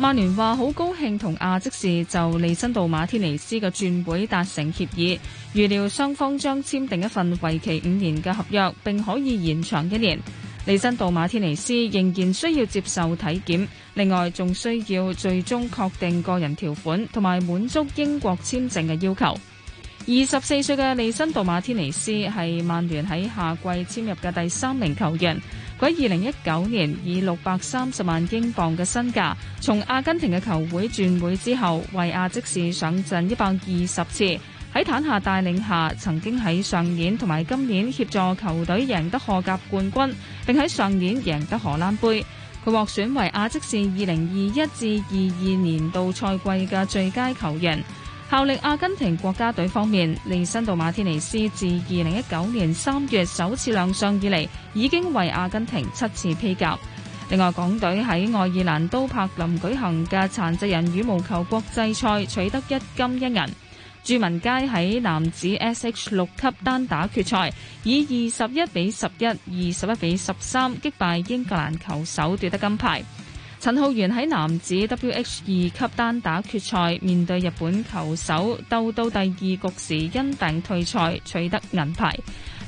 曼聯話好高興同阿積士就利申度馬天尼斯嘅轉會達成協議，預料雙方將簽訂一份為期五年嘅合約，並可以延長一年。利辛杜馬天尼斯仍然需要接受體檢，另外仲需要最終確定個人條款，同埋滿足英國簽證嘅要求。二十四歲嘅利辛杜馬天尼斯係曼聯喺夏季簽入嘅第三名球員，佢喺二零一九年以六百三十萬英鎊嘅身價從阿根廷嘅球會轉會之後，為亞積士上陣一百二十次。喺坦夏帶領下，曾經喺上年同埋今年協助球隊贏得荷甲冠軍，並喺上年贏得荷蘭盃。佢獲選為亞積士二零二一至二二年度賽季嘅最佳球員，效力阿根廷國家隊方面，利申道馬天尼斯自二零一九年三月首次亮相以嚟，已經為阿根廷七次披甲。另外，港隊喺愛爾蘭都柏林舉行嘅殘疾人羽毛球國際賽取得一金一銀。朱文佳喺男子 SH 六級單打決賽以二十一比十一、二十一比十三擊敗英格蘭球手奪得金牌。陳浩源喺男子 WH 二級單打決賽面對日本球手鬥到第二局時因病退賽，取得銀牌。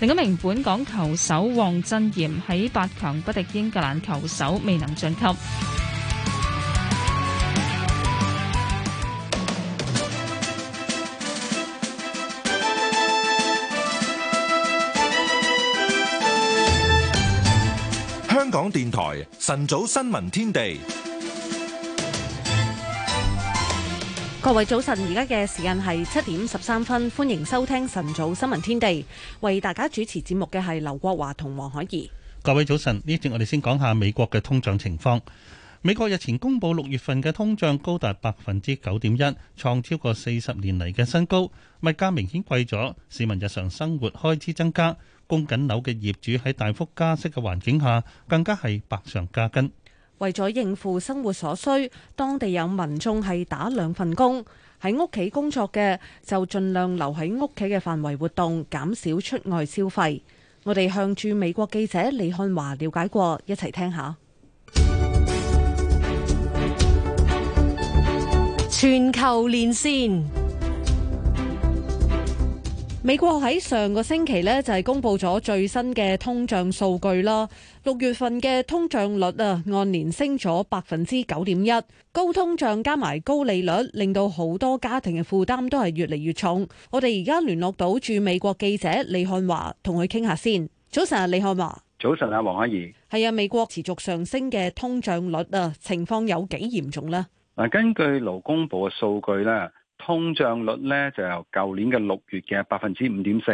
另一名本港球手王鎮炎喺八強不敵英格蘭球手，未能晉級。電台晨早新聞天地，各位早晨，而家嘅時間係七點十三分，歡迎收聽晨早新聞天地。為大家主持節目嘅係劉國華同黃海怡。各位早晨，呢節我哋先講下美國嘅通脹情況。美國日前公布六月份嘅通脹高達百分之九點一，創超過四十年嚟嘅新高，物價明顯貴咗，市民日常生活開支增加。供緊樓嘅業主喺大幅加息嘅環境下，更加係百上加斤。為咗應付生活所需，當地有民眾係打兩份工。喺屋企工作嘅就儘量留喺屋企嘅範圍活動，減少出外消費。我哋向駐美國記者李漢華了解過，一齊聽下。全球連線。美國喺上個星期咧就係公布咗最新嘅通脹數據啦，六月份嘅通脹率啊按年升咗百分之九點一，高通脹加埋高利率，令到好多家庭嘅負擔都係越嚟越重。我哋而家聯絡到住美國記者李漢華，同佢傾下先。早晨啊，李漢華。早晨啊，黃阿姨。係啊，美國持續上升嘅通脹率啊，情況有幾嚴重呢？嗱，根據勞工部嘅數據呢。通脹率咧就由舊年嘅六月嘅百分之五點四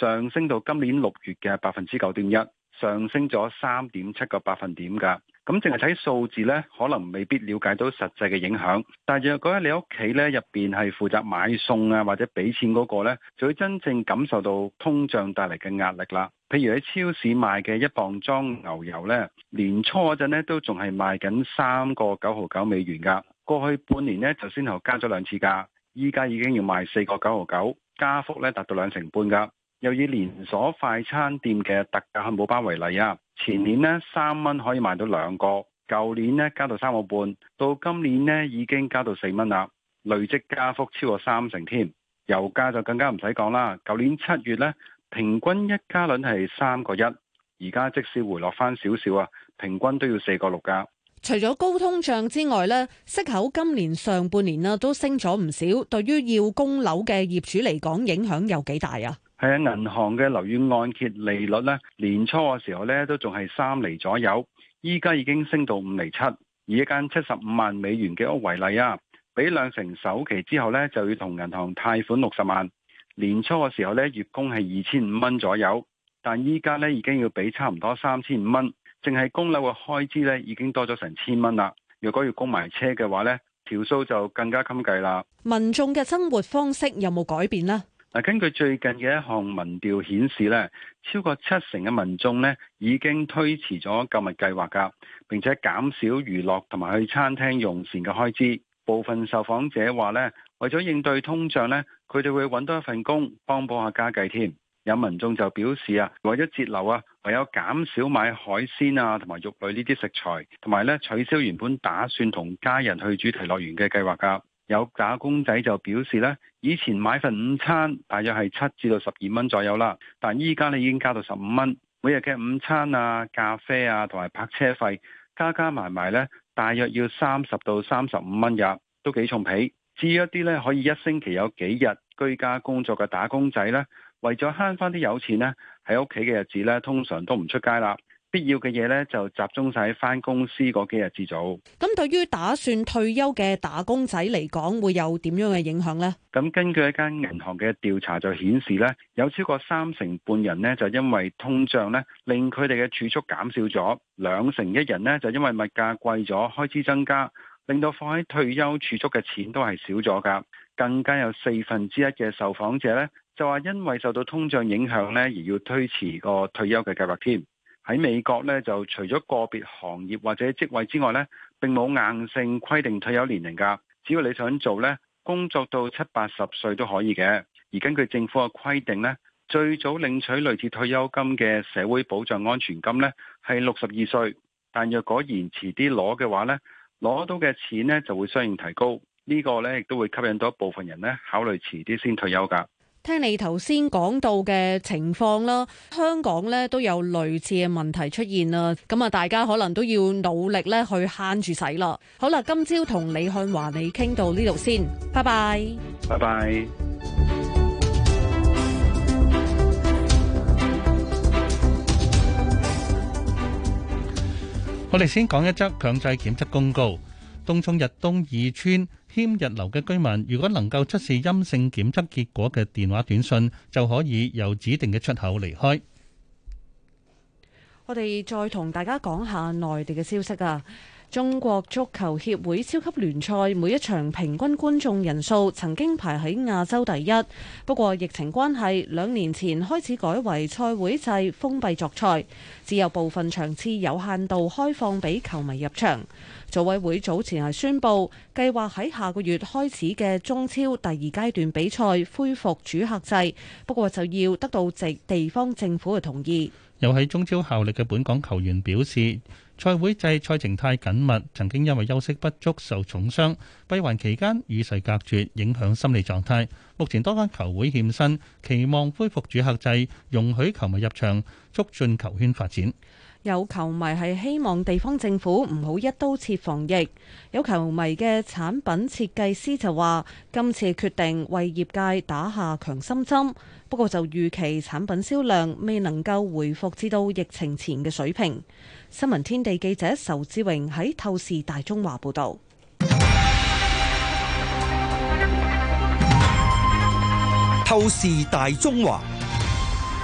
上升到今年六月嘅百分之九點一，上升咗三點七個百分點㗎。咁淨係睇數字咧，可能未必了解到實際嘅影響。但若果喺你屋企咧入邊係負責買餸啊或者俾錢嗰個咧，就會真正感受到通脹帶嚟嘅壓力啦。譬如喺超市賣嘅一磅裝牛油咧，年初嗰陣咧都仲係賣緊三個九毫九美元㗎。過去半年咧就先後加咗兩次價。依家已經要賣四個九毫九，加幅咧達到兩成半㗎。又以連鎖快餐店嘅特價漢堡包為例啊，前年呢三蚊可以賣到兩個，舊年呢加到三個半，到今年呢已經加到四蚊啦，累積加幅超過三成添。油價就更加唔使講啦，舊年七月呢，平均一加侖係三個一，而家即使回落翻少少啊，平均都要四個六㗎。除咗高通脹之外咧，息口今年上半年啊都升咗唔少，對於要供樓嘅業主嚟講，影響有幾大啊？係啊，銀行嘅樓宇按揭利率咧，年初嘅時候咧都仲係三厘左右，依家已經升到五厘七。以一間七十五萬美元嘅屋為例啊，俾兩成首期之後咧，就要同銀行貸款六十萬。年初嘅時候咧，月供係二千五蚊左右，但依家咧已經要俾差唔多三千五蚊。淨係供樓嘅開支咧，已經多咗成千蚊啦。如果要供埋車嘅話咧，條數就更加襟計啦。民眾嘅生活方式有冇改變呢？嗱，根據最近嘅一項民調顯示咧，超過七成嘅民眾呢已經推遲咗購物計劃噶，並且減少娛樂同埋去餐廳用膳嘅開支。部分受訪者話咧，為咗應對通脹咧，佢哋會揾多一份工幫補下家計添。有民眾就表示啊，為咗節流啊，唯有減少買海鮮啊同埋肉類呢啲食材，同埋咧取消原本打算同家人去主題樂園嘅計劃噶。有打工仔就表示咧，以前買份午餐大約係七至到十二蚊左右啦，但依家呢已經加到十五蚊。每日嘅午餐啊、咖啡啊同埋泊車費加加埋埋咧，大約要三十到三十五蚊噶，都幾重皮。至於一啲咧可以一星期有幾日居家工作嘅打工仔咧。為咗慳翻啲有錢咧，喺屋企嘅日子咧，通常都唔出街啦。必要嘅嘢咧，就集中晒喺翻公司嗰幾日至早。咁對於打算退休嘅打工仔嚟講，會有點樣嘅影響呢？咁根據一間銀行嘅調查就顯示咧，有超過三成半人咧，就因為通脹咧，令佢哋嘅儲蓄減少咗；兩成一人咧，就因為物價貴咗，開支增加，令到放喺退休儲蓄嘅錢都係少咗噶。更加有四分之一嘅受訪者咧，就話因為受到通脹影響咧，而要推遲個退休嘅計劃添。喺美國咧，就除咗個別行業或者職位之外咧，並冇硬性規定退休年齡㗎。只要你想做咧，工作到七八十歲都可以嘅。而根據政府嘅規定咧，最早領取類似退休金嘅社會保障安全金咧，係六十二歲。但若果延遲啲攞嘅話咧，攞到嘅錢呢，就會相應提高。呢個呢亦都會吸引到一部分人咧考慮遲啲先退休噶。聽你頭先講到嘅情況啦，香港咧都有類似嘅問題出現啦。咁、嗯、啊，大家可能都要努力咧去慳住使啦。好啦，今朝同李漢華你傾到呢度先，拜拜。拜拜。我哋先講一則強制檢測公告，東涌逸東二邨。添日流嘅居民，如果能夠出示陰性檢測結果嘅電話短信，就可以由指定嘅出口離開。我哋再同大家講下內地嘅消息啊！中國足球協會超級聯賽每一場平均觀眾人數曾經排喺亞洲第一，不過疫情關係，兩年前開始改為賽會制封閉作賽，只有部分場次有限度開放俾球迷入場。組委會早前係宣布，計劃喺下個月開始嘅中超第二階段比賽恢復主客制，不過就要得到籍地方政府嘅同意。有喺中超效力嘅本港球員表示，賽會制賽程太緊密，曾經因為休息不足受重傷，閉環期間與世隔絕，影響心理狀態。目前多間球會欠薪，期望恢復主客制，容許球迷入場，促進球圈發展。有球迷係希望地方政府唔好一刀切防疫。有球迷嘅產品設計師就話，今次決定為業界打下強心針，不過就預期產品銷量未能夠回復至到疫情前嘅水平。新聞天地記者仇志榮喺透視大中華報道。透視大中華。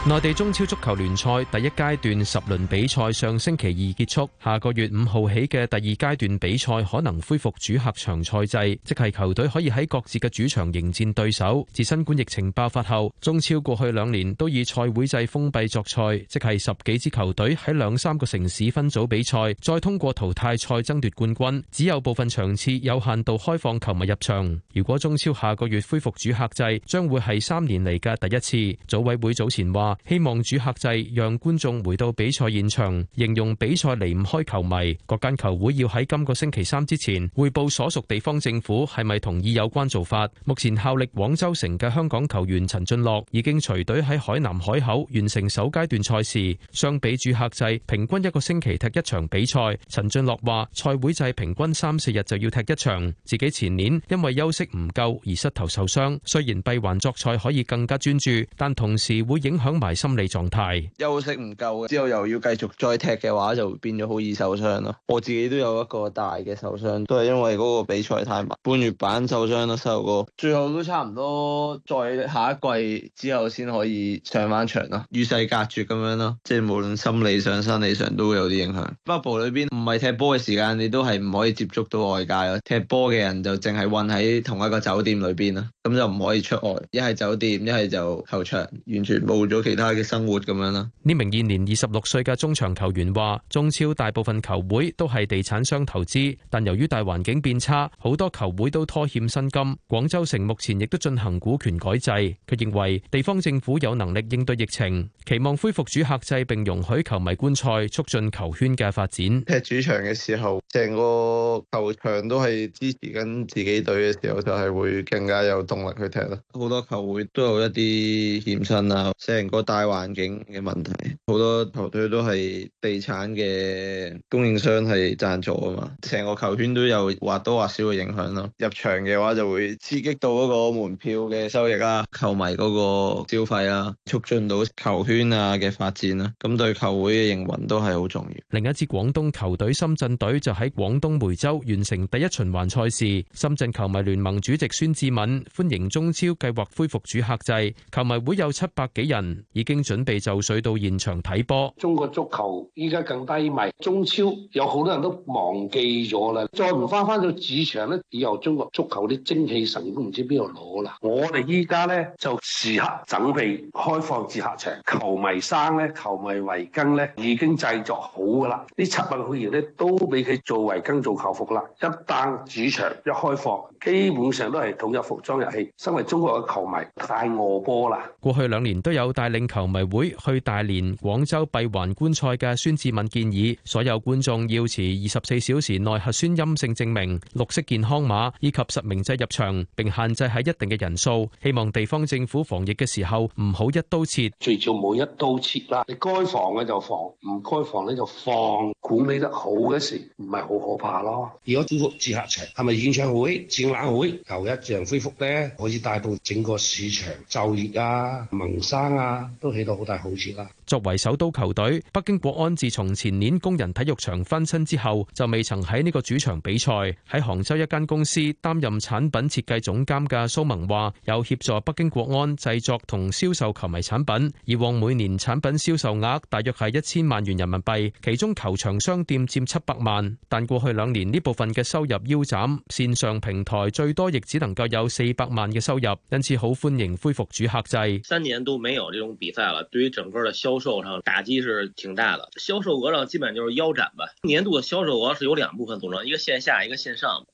內地中超足球聯賽第一階段十輪比賽上星期二結束，下個月五號起嘅第二階段比賽可能恢復主客場賽制，即係球隊可以喺各自嘅主場迎戰對手。自新冠疫情爆發後，中超過去兩年都以賽會制封閉作賽，即係十幾支球隊喺兩三個城市分組比賽，再通過淘汰賽爭奪冠軍。只有部分場次有限度開放球迷入場。如果中超下個月恢復主客制，將會係三年嚟嘅第一次。組委會早前話。希望主客制讓觀眾回到比賽現場，形容比賽離唔開球迷。各間球會要喺今個星期三之前匯報所屬地方政府係咪同意有關做法。目前效力廣州城嘅香港球員陳俊樂已經隨隊喺海南海口完成首階段賽事。相比主客制，平均一個星期踢一場比賽。陳俊樂話：賽會制平均三四日就要踢一場，自己前年因為休息唔夠而膝頭受傷。雖然閉環作賽可以更加專注，但同時會影響埋心理狀態，休息唔夠之後又要繼續再踢嘅話，就變咗好易受傷咯。我自己都有一個大嘅受傷，都係因為嗰個比賽太密，半月板受傷啦，受過，最後都差唔多再下一季之後先可以上翻場咯，與世隔絕咁樣咯，即係無論心理上、生理上都有啲影響。bubble 裏邊唔係踢波嘅時間，你都係唔可以接觸到外界咯。踢波嘅人就淨係混喺同一個酒店裏邊啦，咁就唔可以出外，一係酒店，一係就球場，完全冇咗其其他嘅生活咁樣啦。呢名現年二十六歲嘅中場球員話，中超大部分球會都係地產商投資，但由於大環境變差，好多球會都拖欠薪金。廣州城目前亦都進行股權改制。佢認為地方政府有能力應對疫情，期望恢復主客制並容許球迷觀賽，促進球圈嘅發展。踢主場嘅時候，成個球場都係支持緊自己隊嘅時候，就係會更加有動力去踢啦。好多球會都有一啲欠薪啊，成個。大環境嘅問題，好多球隊都係地產嘅供應商係贊助啊嘛，成個球圈都有或多或少嘅影響咯。入場嘅話就會刺激到嗰個門票嘅收益啊，球迷嗰個消費啊，促進到球圈啊嘅發展啦。咁對球會嘅營運都係好重要。另一支廣東球隊深圳隊就喺廣東梅州完成第一循環賽事。深圳球迷聯盟主席孫志敏歡迎中超計劃恢復主客制，球迷會有七百幾人。已經準備就緒到現場睇波。中國足球依家更低迷，中超有好多人都忘記咗啦。再唔翻翻到主場呢，以後中國足球啲精氣神都唔知邊度攞啦。我哋依家呢，就時刻準備開放主客場，球迷衫呢，球迷圍巾呢，已經製作好噶啦，呢七百個會員呢，都俾佢做圍巾、做球服啦。一旦主場一開放，基本上都係統一服裝入去。身為中國嘅球迷，太餓波啦！過去兩年都有帶領。球迷會去大連、廣州閉環觀賽嘅孫志敏建議，所有觀眾要持二十四小時內核酸陰性證明、綠色健康碼以及實名制入場，並限制喺一定嘅人數。希望地方政府防疫嘅時候唔好一刀切，最少冇一刀切啦。你該防嘅就防，唔該防咧就放，管理得好嘅時唔係好可怕咯。如果恢復主客場，係咪演唱會、展覽會求一仗恢復呢？可以帶動整個市場就業啊、民生啊？都起到好大好處啦。作為首都球隊，北京國安自從前年工人體育場翻新之後，就未曾喺呢個主場比賽。喺杭州一間公司擔任產品設計總監嘅蘇萌話，有協助北京國安製作同銷售球迷產品，以往每年產品銷售額大約係一千萬元人民幣，其中球場商店佔七百萬。但過去兩年呢部分嘅收入腰斬，線上平台最多亦只能夠有四百萬嘅收入，因此好歡迎恢復主客制。三年都沒有呢種。比賽了，對於整個的銷售上打擊是挺大的，銷售額上基本就是腰斬吧。年度的銷售額是由兩部分組成，一個線下，一個線上。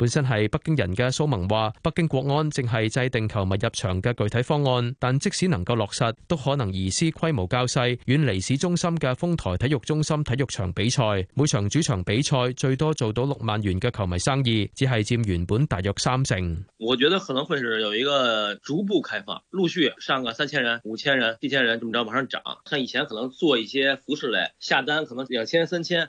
本身係北京人嘅蘇萌話：北京國安正係制定球迷入場嘅具體方案，但即使能夠落實，都可能移師規模較細、遠離市中心嘅豐台體育中心體育場比賽。每場主場比賽最多做到六萬元嘅球迷生意，只係佔原本大約三成。我覺得可能會是有一個逐步開放，陸續上個三千人、五千人、七千人，怎麼着往上漲。像以前可能做一些服飾類下單，可能兩千、三千。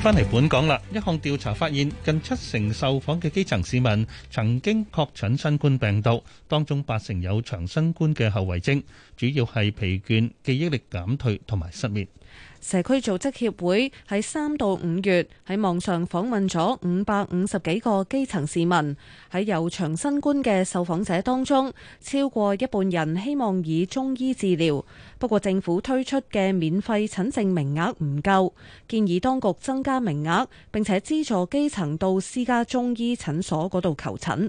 返嚟本港啦！一項調查發現，近七成受訪嘅基層市民曾經確診新冠病毒，當中八成有長新冠嘅後遺症，主要係疲倦、記憶力減退同埋失眠。社區組織協會喺三到五月喺網上訪問咗五百五十幾個基層市民，喺有長新冠嘅受訪者當中，超過一半人希望以中醫治療。不過政府推出嘅免費診症名額唔夠，建議當局增加名額並且資助基層到私家中醫診所嗰度求診。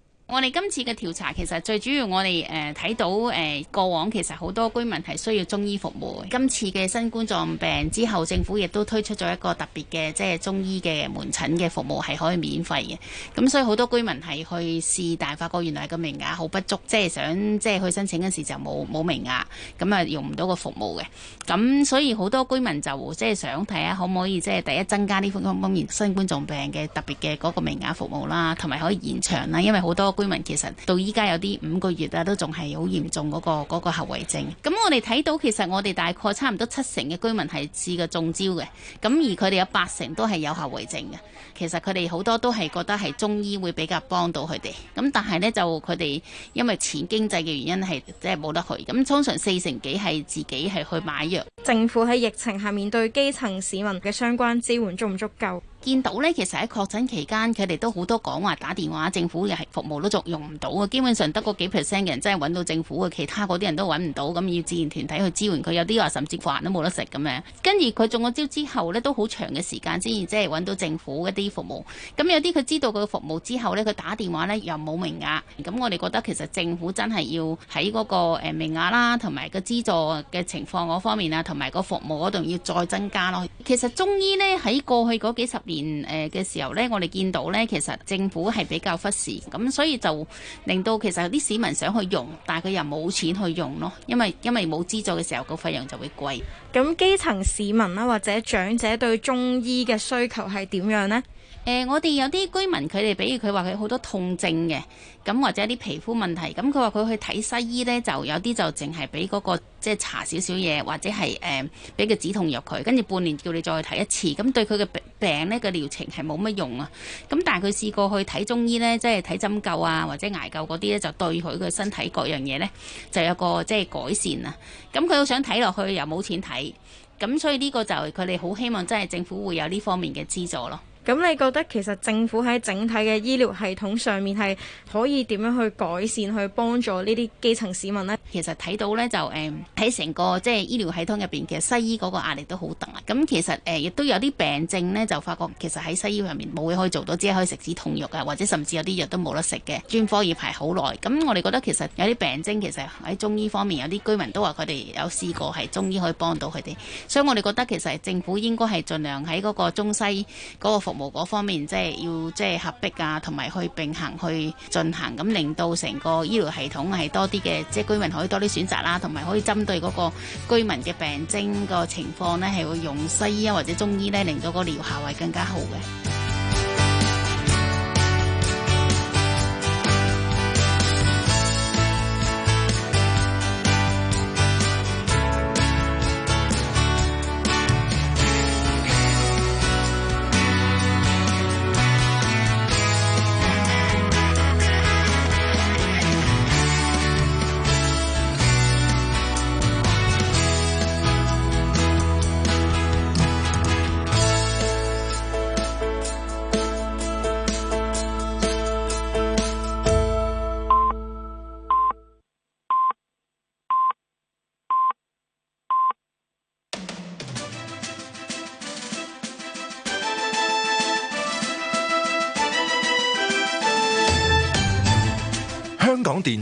我哋今次嘅調查其實最主要我，我哋誒睇到誒、呃、過往其實好多居民係需要中醫服務。今次嘅新冠狀病之後，政府亦都推出咗一個特別嘅即係中醫嘅門診嘅服務係可以免費嘅。咁所以好多居民係去試，但係發覺原來個名額好不足，即係想即係去申請嗰時就冇冇名額，咁啊用唔到個服務嘅。咁所以好多居民就即係想睇下可唔可以即係第一增加呢款咁咁新冠狀病嘅特別嘅嗰個名額服務啦，同埋可以延長啦，因為好多。居民其實到依家有啲五個月啊，都仲係好嚴重嗰個嗰個後遺症。咁我哋睇到其實我哋大概差唔多七成嘅居民係試過中招嘅，咁而佢哋有八成都係有後遺症嘅。其實佢哋好多都係覺得係中醫會比較幫到佢哋。咁但係呢，就佢哋因為錢經濟嘅原因係即係冇得去。咁通常四成幾係自己係去買藥。政府喺疫情下面對基層市民嘅相關支援足唔足夠？見到咧，其實喺確診期間，佢哋都好多講話打電話，政府嘅係服務都仲用唔到啊！基本上得嗰幾 percent 嘅人真係揾到政府嘅，其他嗰啲人都揾唔到，咁要志願團體去支援佢。有啲話甚至飯都冇得食咁樣。跟住佢中咗招之後咧，都好長嘅時間先至即係揾到政府一啲服務。咁有啲佢知道佢個服務之後咧，佢打電話咧又冇名額。咁我哋覺得其實政府真係要喺嗰個誒名額啦，同埋個資助嘅情況嗰方面啊，同埋個服務嗰度要再增加咯。其實中醫呢，喺過去嗰幾十邊嘅、嗯、時候呢，我哋見到呢，其實政府係比較忽視咁，所以就令到其實有啲市民想去用，但係佢又冇錢去用咯，因為因為冇資助嘅時候個費用就會貴。咁基層市民啦，或者長者對中醫嘅需求係點樣呢？誒、呃，我哋有啲居民，佢哋比如佢話佢好多痛症嘅咁，或者啲皮膚問題咁，佢話佢去睇西醫呢，就有啲就淨係俾嗰個即係查少少嘢，或者係誒俾個止痛藥佢，跟住半年叫你再去睇一次，咁對佢嘅病，病呢個療程係冇乜用啊。咁但係佢試過去睇中醫呢，即係睇針灸啊，或者艾灸嗰啲呢，就對佢嘅身體各樣嘢呢，就有個即係改善啊。咁佢好想睇落去，又冇錢睇，咁所以呢個就係佢哋好希望，真係政府會有呢方面嘅資助咯。咁你覺得其實政府喺整體嘅醫療系統上面係可以點樣去改善、去幫助呢啲基層市民呢？其實睇到呢，就誒喺成個即係、就是、醫療系統入邊，其實西醫嗰個壓力都好大。咁其實誒亦都有啲病症呢，就發覺其實喺西醫入面冇嘢可以做到，只係可以食止痛藥啊，或者甚至有啲藥都冇得食嘅，專科要排好耐。咁我哋覺得其實有啲病症，其實喺中醫方面有啲居民都話佢哋有試過係中醫可以幫到佢哋，所以我哋覺得其實政府應該係盡量喺嗰個中西嗰服務嗰方面，即係要即係合璧啊，同埋去並行去進行，咁令到成個醫療系統係多啲嘅，即係居民可以多啲選擇啦，同埋可以針對嗰個居民嘅病徵個情況呢係會用西醫啊或者中醫呢，令到個療效係更加好嘅。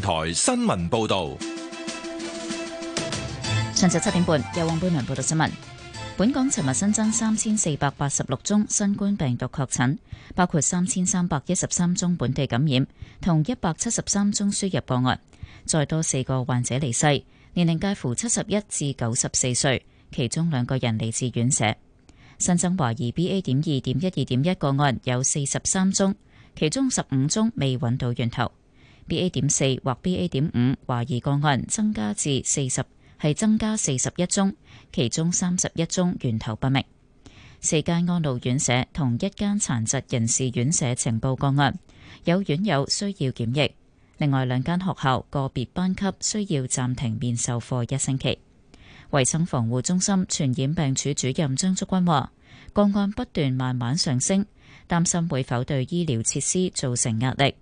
台新聞報道，上晝七點半由黃佩雯報道新聞。本港尋日新增三千四百八十六宗新冠病毒確診，包括三千三百一十三宗本地感染，同一百七十三宗輸入個案，再多四個患者離世，年齡介乎七十一至九十四歲，其中兩個人嚟自院舍。新增懷疑 B A 點二點一二點一個案有四十三宗，其中十五宗未揾到源頭。B A. 點四或 B A. 點五，懷疑個案增加至四十，係增加四十一宗，其中三十一宗源頭不明。四間安老院社院舍同一間殘疾人士院舍呈報個案，有院友需要檢疫。另外兩間學校個別班級需要暫停面授課一星期。衛生防護中心傳染病處主任張竹君話，個案不斷慢慢上升，擔心會否對醫療設施造成壓力。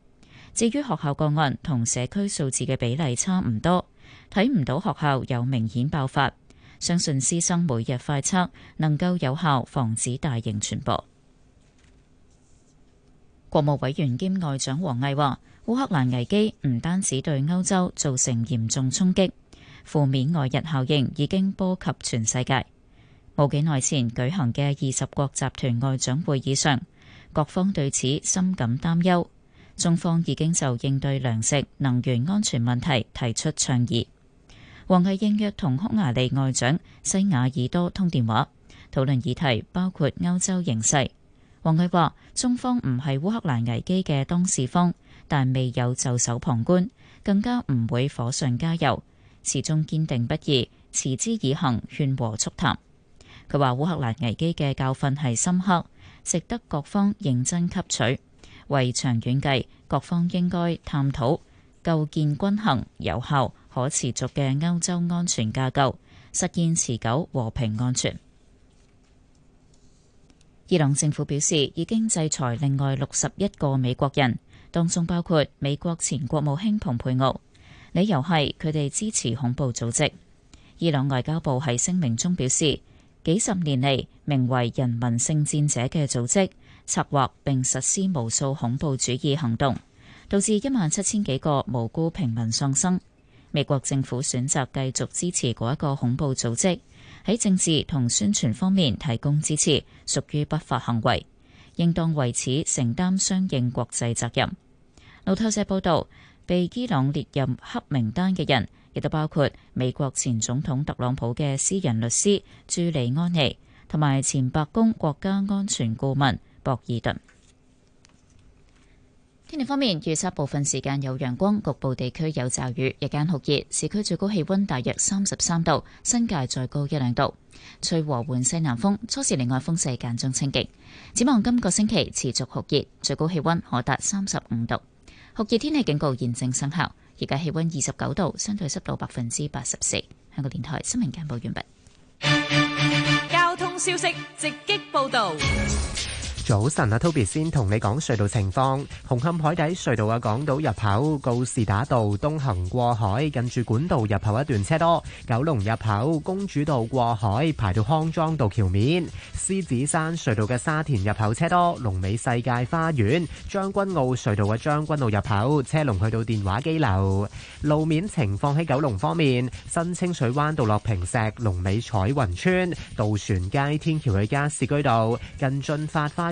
至於學校個案同社區數字嘅比例差唔多，睇唔到學校有明顯爆發，相信師生每日快測能夠有效防止大型傳播。國務委員兼外長王毅話，烏克蘭危機唔單止對歐洲造成嚴重衝擊，負面外日效應已經波及全世界。冇幾耐前舉行嘅二十國集團外長會議上，各方對此深感擔憂。中方已經就應對糧食能源安全問題提出倡議。王毅應約同匈牙利外長西雅爾多通電話，討論議題包括歐洲形勢。王毅話：中方唔係烏克蘭危機嘅當事方，但未有袖手旁觀，更加唔會火上加油，始終堅定不移，持之以恒，勸和促談。佢話：烏克蘭危機嘅教訓係深刻，值得各方認真吸取。為長遠計，各方應該探討構建均衡、有效、可持續嘅歐洲安全架構，實現持久和平安全。伊朗政府表示已經制裁另外六十一個美國人，當中包括美國前國務卿蓬佩奧，理由係佢哋支持恐怖組織。伊朗外交部喺聲明中表示，幾十年嚟，名為人民聖戰者嘅組織，策劃並實施無數恐怖主義行動，導致一萬七千幾個無辜平民喪生。美國政府選擇繼續支持嗰一個恐怖組織，喺政治同宣傳方面提供支持，屬於不法行為，應當為此承擔相應國際責任。路透社報道，被伊朗列入黑名單嘅人，亦都包括美國前總統特朗普嘅私人律師朱利安尼，同埋前白宮國家安全顧問。博爾頓。天氣方面，預測部分時間有陽光，局部地區有驟雨。日間酷熱，市區最高氣溫大約三十三度，新界再高一兩度。吹和緩西南風，初時離岸風勢間中清勁。展望今個星期持續酷熱，最高氣溫可達三十五度。酷熱天氣警告現正生效。而家氣溫二十九度，相對濕度百分之八十四。香港電台新聞簡報完畢。交通消息直擊報道。早晨啊，Toby 先同你講隧道情況。紅磡海底隧道嘅港島入口告士打道東行過海，近住管道入口一段車多。九龍入口公主道過海排到康莊道橋面。獅子山隧道嘅沙田入口車多。龍尾世界花園將軍澳隧道嘅將軍澳入口車龍去到電話機樓。路面情況喺九龍方面，新清水灣道落坪石，龍尾彩雲村渡船街天橋嘅加士居道近駿發花，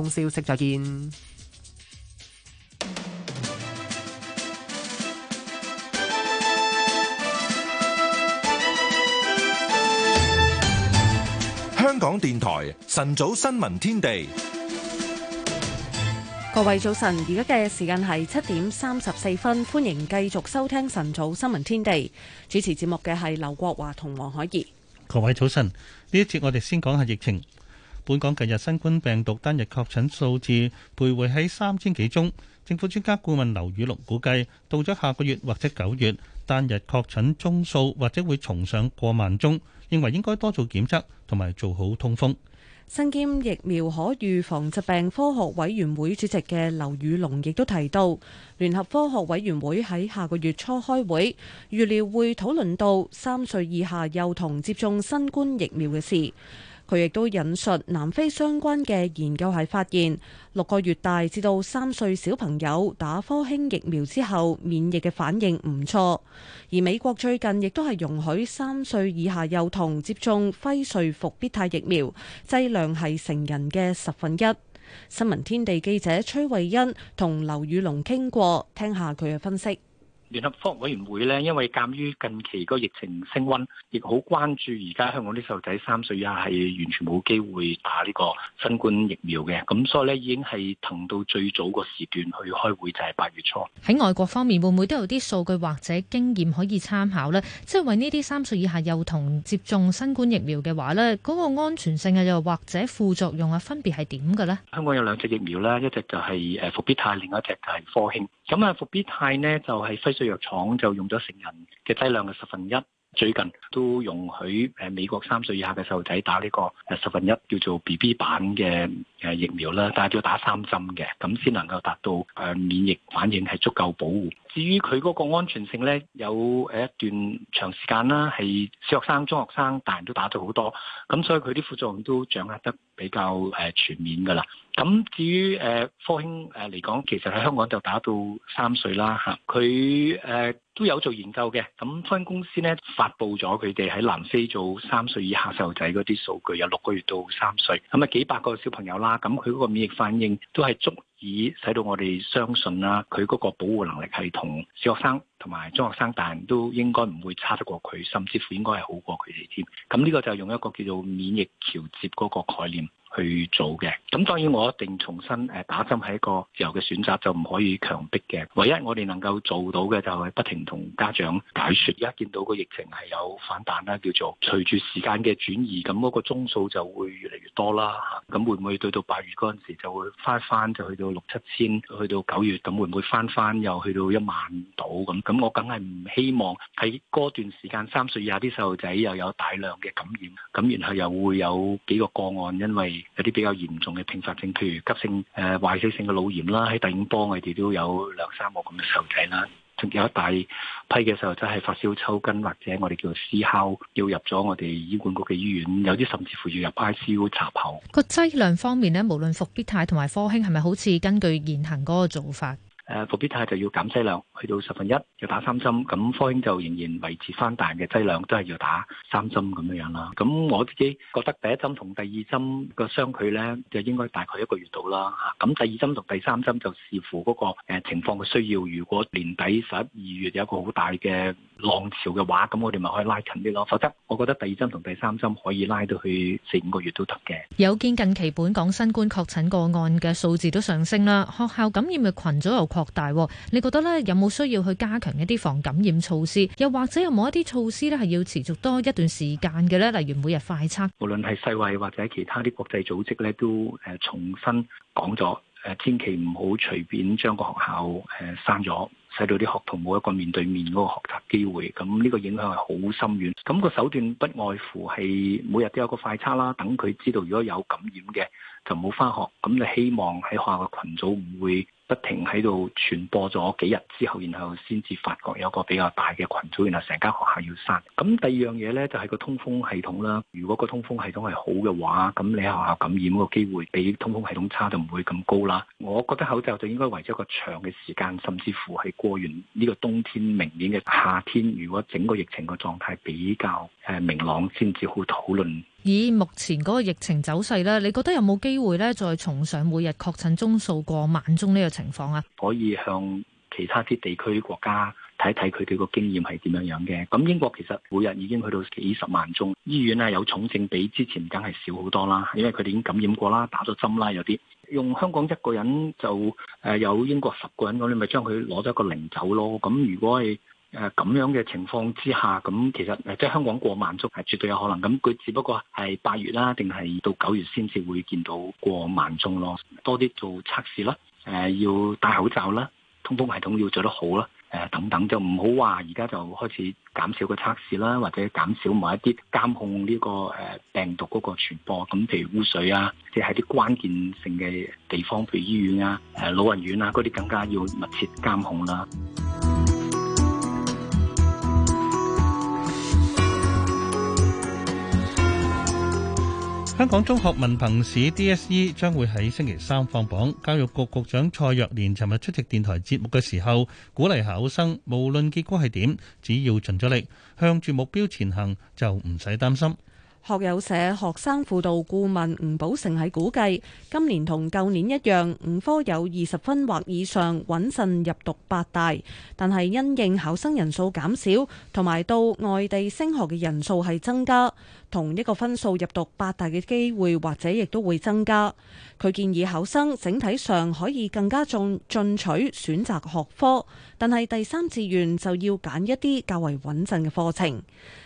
消息再見。香港電台晨早新聞天地，各位早晨，而家嘅時間係七點三十四分，歡迎繼續收聽晨早新聞天地。主持節目嘅係劉國華同黃海怡。各位早晨，呢一節我哋先講下疫情。本港近日新冠病毒單日確診數字徘徊喺三千幾宗，政府專家顧問劉宇龍估計，到咗下個月或者九月，單日確診宗數或者會重上過萬宗，認為應該多做檢測同埋做好通風。身兼疫苗可預防疾病科學委員會主席嘅劉宇龍亦都提到，聯合科學委員會喺下個月初開會，預料會討論到三歲以下幼童接種新冠疫苗嘅事。佢亦都引述南非相關嘅研究係，發現六個月大至到三歲小朋友打科興疫苗之後，免疫嘅反應唔錯。而美國最近亦都係容許三歲以下幼童接種輝瑞復必泰疫苗，劑量係成人嘅十分一。新聞天地記者崔慧欣同劉宇龍傾過，聽下佢嘅分析。聯合科學委員會呢，因為鑑於近期個疫情升溫，亦好關注而家香港啲細路仔三歲以下係完全冇機會打呢個新冠疫苗嘅，咁所以呢，已經係騰到最早個時段去開會，就係八月初。喺外國方面，會唔會都有啲數據或者經驗可以參考呢？即係為呢啲三歲以下幼童接種新冠疫苗嘅話，呢嗰個安全性啊，又或者副作用啊，分別係點嘅呢？香港有兩隻疫苗啦，一隻就係誒復必泰，另一隻就係科興。咁啊，伏必泰呢，就係輝瑞藥廠就用咗成人嘅劑量嘅十分一，最近都容許誒美國三歲以下嘅細路仔打呢個誒十分一叫做 BB 版嘅誒疫苗啦，但係要打三針嘅，咁先能夠達到誒免疫反應係足夠保護。至於佢嗰個安全性咧，有誒一段長時間啦，係小學生、中學生、大人都打到好多，咁所以佢啲副作用都掌握得比較誒全面噶啦。咁至於誒科興誒嚟講，其實喺香港就打到三歲啦嚇，佢誒都有做研究嘅。咁科興公司咧，發布咗佢哋喺南非做三歲以下細路仔嗰啲數據，有六個月到三歲，咁啊幾百個小朋友啦，咁佢嗰個免疫反應都係足。以使到我哋相信啦，佢嗰個保護能力係同小學生同埋中學生、大人都應該唔會差得過佢，甚至乎應該係好過佢哋添。咁呢個就用一個叫做免疫調節嗰個概念。去做嘅，咁當然我一定重新誒打針係一個自由嘅選擇，就唔可以強迫嘅。唯一我哋能夠做到嘅就係不停同家長解説。而家見到個疫情係有反彈啦，叫做隨住時間嘅轉移，咁、那、嗰個宗數就會越嚟越多啦。嚇，咁會唔會對到到八月嗰陣時就會翻一翻，就去到六七千，000，去到九月，咁會唔會翻翻又去到一萬度咁？咁我梗係唔希望喺嗰段時間三歲以下啲細路仔又有大量嘅感染，咁然後又會有幾個個案，因為有啲比較嚴重嘅併發症，譬如急性誒壞死性嘅腦炎啦，喺第五波我哋都有兩三個咁嘅細路仔啦，仲有一大批嘅細路仔係發燒抽筋，或者我哋叫做撕烤，要入咗我哋醫管局嘅醫院，有啲甚至乎要入 I C U 插喉。個劑量方面咧，無論復必泰同埋科興係咪好似根據現行嗰個做法？誒復必泰就要減劑量，去到十分一，要打三針。咁科興就仍然維持返大嘅劑量，都係要打三針咁樣樣啦。咁我自己覺得第一針同第二針個相距呢，就應該大概一個月到啦。咁第二針同第三針就視乎嗰個情況嘅需要。如果年底十一二月有個好大嘅浪潮嘅話，咁我哋咪可以拉近啲咯。否則，我覺得第二針同第三針可以拉到去四五個月都得嘅。有見近期本港新冠確診個案嘅數字都上升啦，學校感染嘅群組有擴擴大，你覺得咧有冇需要去加強一啲防感染措施？又或者有冇一啲措施咧係要持續多一段時間嘅咧？例如每日快測，無論係世衛或者其他啲國際組織咧，都誒重新講咗誒，千祈唔好隨便將個學校誒刪咗，使到啲學童冇一個面對面嗰個學習機會。咁呢個影響係好深遠。咁個手段不外乎係每日都有個快測啦，等佢知道如果有感染嘅就唔好翻學。咁你希望喺學校嘅群組唔會。不停喺度傳播咗幾日之後，然後先至發覺有個比較大嘅群組，然後成間學校要閂。咁第二樣嘢呢，就係個通風系統啦。如果個通風系統係好嘅話，咁你喺學校感染個機會比通風系統差就唔會咁高啦。我覺得口罩就應該維持一個長嘅時間，甚至乎係過完呢個冬天、明年嘅夏天，如果整個疫情個狀態比較誒明朗，先至好討論。以目前嗰個疫情走勢咧，你覺得有冇機會咧再重上每日確診宗數過萬宗呢個情況啊？可以向其他啲地區國家睇睇佢哋個經驗係點樣樣嘅。咁英國其實每日已經去到幾十萬宗，醫院啊有重症比之前梗係少好多啦，因為佢哋已經感染過啦，打咗針啦有啲。用香港一個人就誒有英國十個人咁，你咪將佢攞咗個零走咯。咁如果係。誒，咁樣嘅情況之下，咁其實誒，即係香港過萬宗係絕對有可能。咁佢只不過係八月啦，定係到九月先至會見到過萬宗咯。多啲做測試啦，誒，要戴口罩啦，通風系統要做得好啦，誒，等等就唔好話而家就開始減少個測試啦，或者減少某一啲監控呢個誒病毒嗰個傳播。咁譬如污水啊，即係喺啲關鍵性嘅地方，譬如醫院啊、誒老人院啊嗰啲，更加要密切監控啦。香港中學文憑試 DSE 將會喺星期三放榜。教育局局長蔡若蓮尋日出席電台節目嘅時候，鼓勵考生無論結果係點，只要盡咗力，向住目標前行，就唔使擔心。學友社學生輔導顧問吳寶成喺估計，今年同舊年一樣，五科有二十分或以上，穩陣入讀八大。但係因應考生人數減少，同埋到外地升學嘅人數係增加，同一個分數入讀八大嘅機會或者亦都會增加。佢建議考生整體上可以更加進取選擇學科。但係第三志願就要揀一啲較為穩陣嘅課程。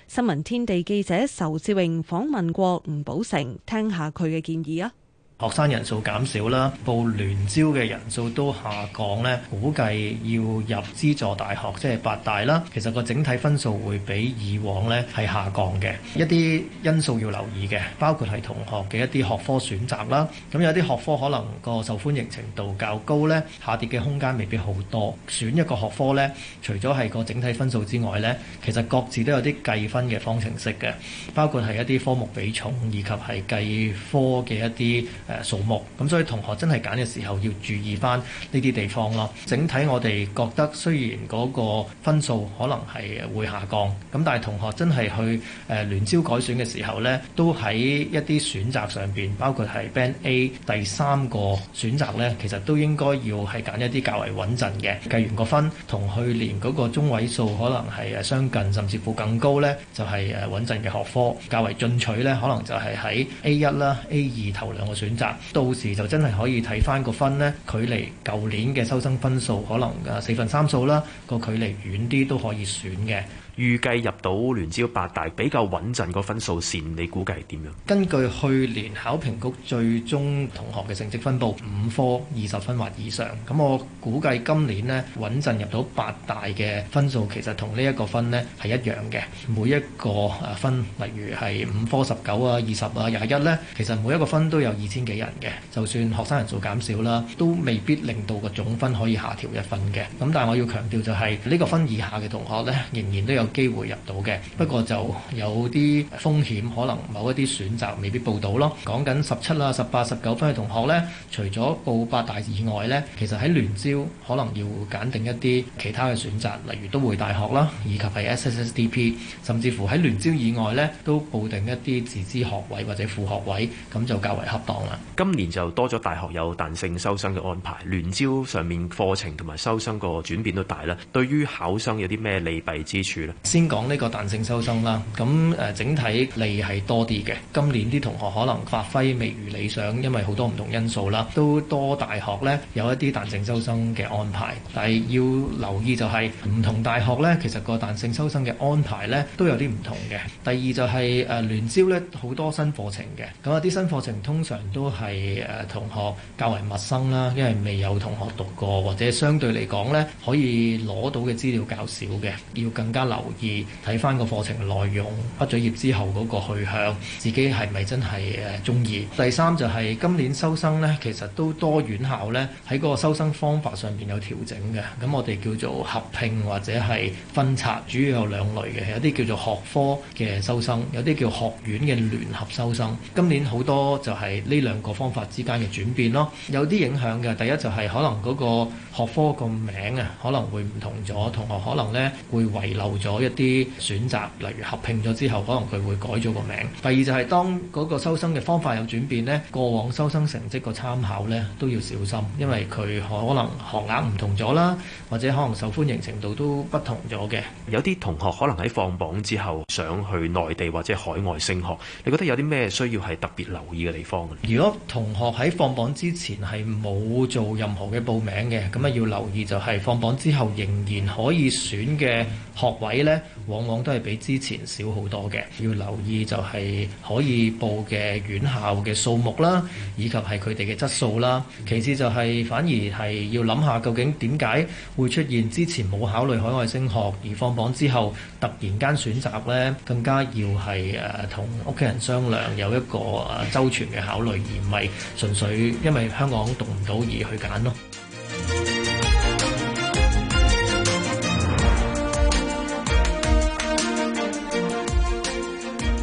新聞天地記者仇志榮訪問過吳寶成，聽下佢嘅建議啊！學生人數減少啦，報聯招嘅人數都下降呢。估計要入資助大學，即係八大啦。其實個整體分數會比以往呢係下降嘅，一啲因素要留意嘅，包括係同學嘅一啲學科選擇啦。咁有啲學科可能個受歡迎程度較高呢，下跌嘅空間未必好多。選一個學科呢，除咗係個整體分數之外呢，其實各自都有啲計分嘅方程式嘅，包括係一啲科目比重以及係計科嘅一啲。誒數目，咁所以同學真係揀嘅時候要注意翻呢啲地方咯。整體我哋覺得雖然嗰個分數可能係會下降，咁但係同學真係去誒聯招改選嘅時候呢，都喺一啲選擇上邊，包括係 Band A 第三個選擇呢，其實都應該要係揀一啲較為穩陣嘅。計完個分同去年嗰個中位數可能係誒相近，甚至乎更高呢，就係誒穩陣嘅學科。較為進取呢，可能就係喺 A 一啦、A 二頭兩個選。到時就真係可以睇翻個分咧，距離舊年嘅收生分數可能誒四分三數啦，個距離遠啲都可以選嘅。預計入到聯招八大比較穩陣個分數線，你估計係點樣？根據去年考評局最終同學嘅成績分佈，五科二十分或以上，咁我估計今年呢穩陣入到八大嘅分數，其實同呢一個分呢係一樣嘅。每一個誒分，例如係五科十九啊、二十啊、廿一呢，其實每一個分都有二千幾人嘅。就算學生人數減少啦，都未必令到個總分可以下調一分嘅。咁但係我要強調就係呢個分以下嘅同學呢，仍然都有。有機會入到嘅，不過就有啲風險，可能某一啲選擇未必報到咯。講緊十七啦、十八、十九分嘅同學呢，除咗報八大以外呢，其實喺聯招可能要揀定一啲其他嘅選擇，例如都會大學啦，以及係 SSSDP，甚至乎喺聯招以外呢，都報定一啲自資學位或者副學位，咁就較為恰當啦。今年就多咗大學有彈性收生嘅安排，聯招上面課程同埋收生個轉變都大啦。對於考生有啲咩利弊之處呢？先講呢個彈性收生啦，咁誒整體利係多啲嘅。今年啲同學可能發揮未如理想，因為好多唔同因素啦，都多大學呢，有一啲彈性收生嘅安排。但係要留意就係、是、唔同大學呢，其實個彈性收生嘅安排呢都有啲唔同嘅。第二就係、是、誒聯招呢，好多新課程嘅，咁有啲新課程通常都係誒、呃、同學較為陌生啦，因為未有同學讀過，或者相對嚟講呢，可以攞到嘅資料較少嘅，要更加留意。留意睇翻個課程內容，畢咗業之後嗰個去向，自己係咪真係誒中意？第三就係、是、今年收生咧，其實都多院校咧喺嗰個收生方法上邊有調整嘅。咁我哋叫做合併或者係分拆，主要有兩類嘅，有啲叫做學科嘅收生，有啲叫學院嘅聯合收生。今年好多就係呢兩個方法之間嘅轉變咯，有啲影響嘅。第一就係可能嗰個學科個名啊，可能會唔同咗，同學可能咧會遺漏咗。一啲選擇，例如合併咗之後可能佢會改咗個名。第二就係當嗰個收生嘅方法有轉變咧，過往收生成績個參考咧都要小心，因為佢可能學額唔同咗啦，或者可能受歡迎程度都不同咗嘅。有啲同學可能喺放榜之後想去內地或者海外升學，你覺得有啲咩需要係特別留意嘅地方？如果同學喺放榜之前係冇做任何嘅報名嘅，咁啊要留意就係放榜之後仍然可以選嘅學位。往往都係比之前少好多嘅。要留意就係可以報嘅院校嘅數目啦，以及係佢哋嘅質素啦。其次就係反而係要諗下究竟點解會出現之前冇考慮海外升學而放榜之後突然間選擇呢，更加要係誒同屋企人商量，有一個誒周全嘅考慮，而唔係純粹因為香港讀唔到而去揀咯。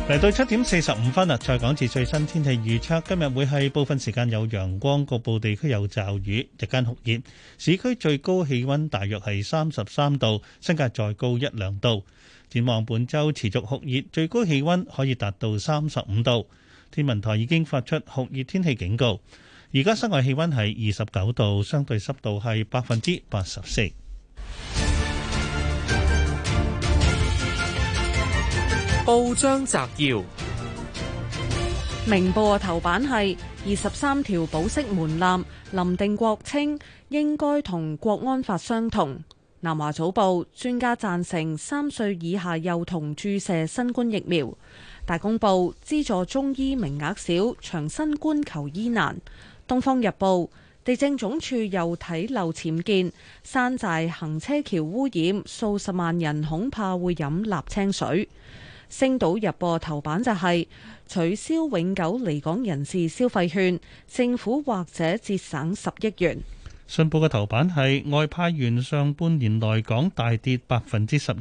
嚟到七點四十五分啊，再講次最新天氣預測。今日會係部分時間有陽光，局部地區有驟雨，日間酷熱。市區最高氣溫大約係三十三度，新界再高一兩度。展望本周持續酷熱，最高氣溫可以達到三十五度。天文台已經發出酷熱天氣警告。而家室外氣溫係二十九度，相對濕度係百分之八十四。報章摘要：明報嘅頭版係二十三條保釋門檻，林定國稱應該同國安法相同。南華早報專家贊成三歲以下幼童注射新冠疫苗。大公報資助中醫名額少，長新冠求醫難。東方日報地政總署又睇漏僭建山寨行車橋污染，數十萬人恐怕會飲立清水。星島日報頭版就係取消永久離港人士消費券，政府或者節省十億元。信報嘅頭版係外派員上半年來港大跌百分之十二。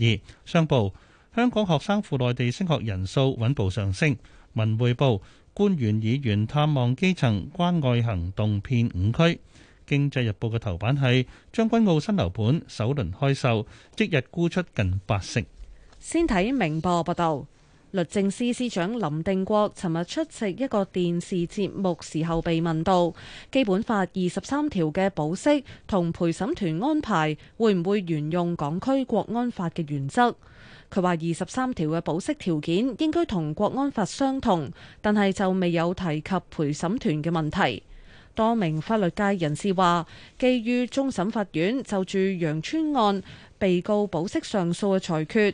商報香港學生赴內地升學人數穩步上升。文匯報官員議員探望基層關愛行動遍五區。經濟日報嘅頭版係將軍澳新樓盤首輪開售，即日沽出近八成。先睇明報報道，律政司司長林定國尋日出席一個電視節目時候，被問到《基本法》二十三條嘅保釋同陪審團安排會唔會沿用港區國安法嘅原則。佢話二十三條嘅保釋條件應該同國安法相同，但係就未有提及陪審團嘅問題。多名法律界人士話，基於終審法院就住楊川案被告保釋上訴嘅裁決。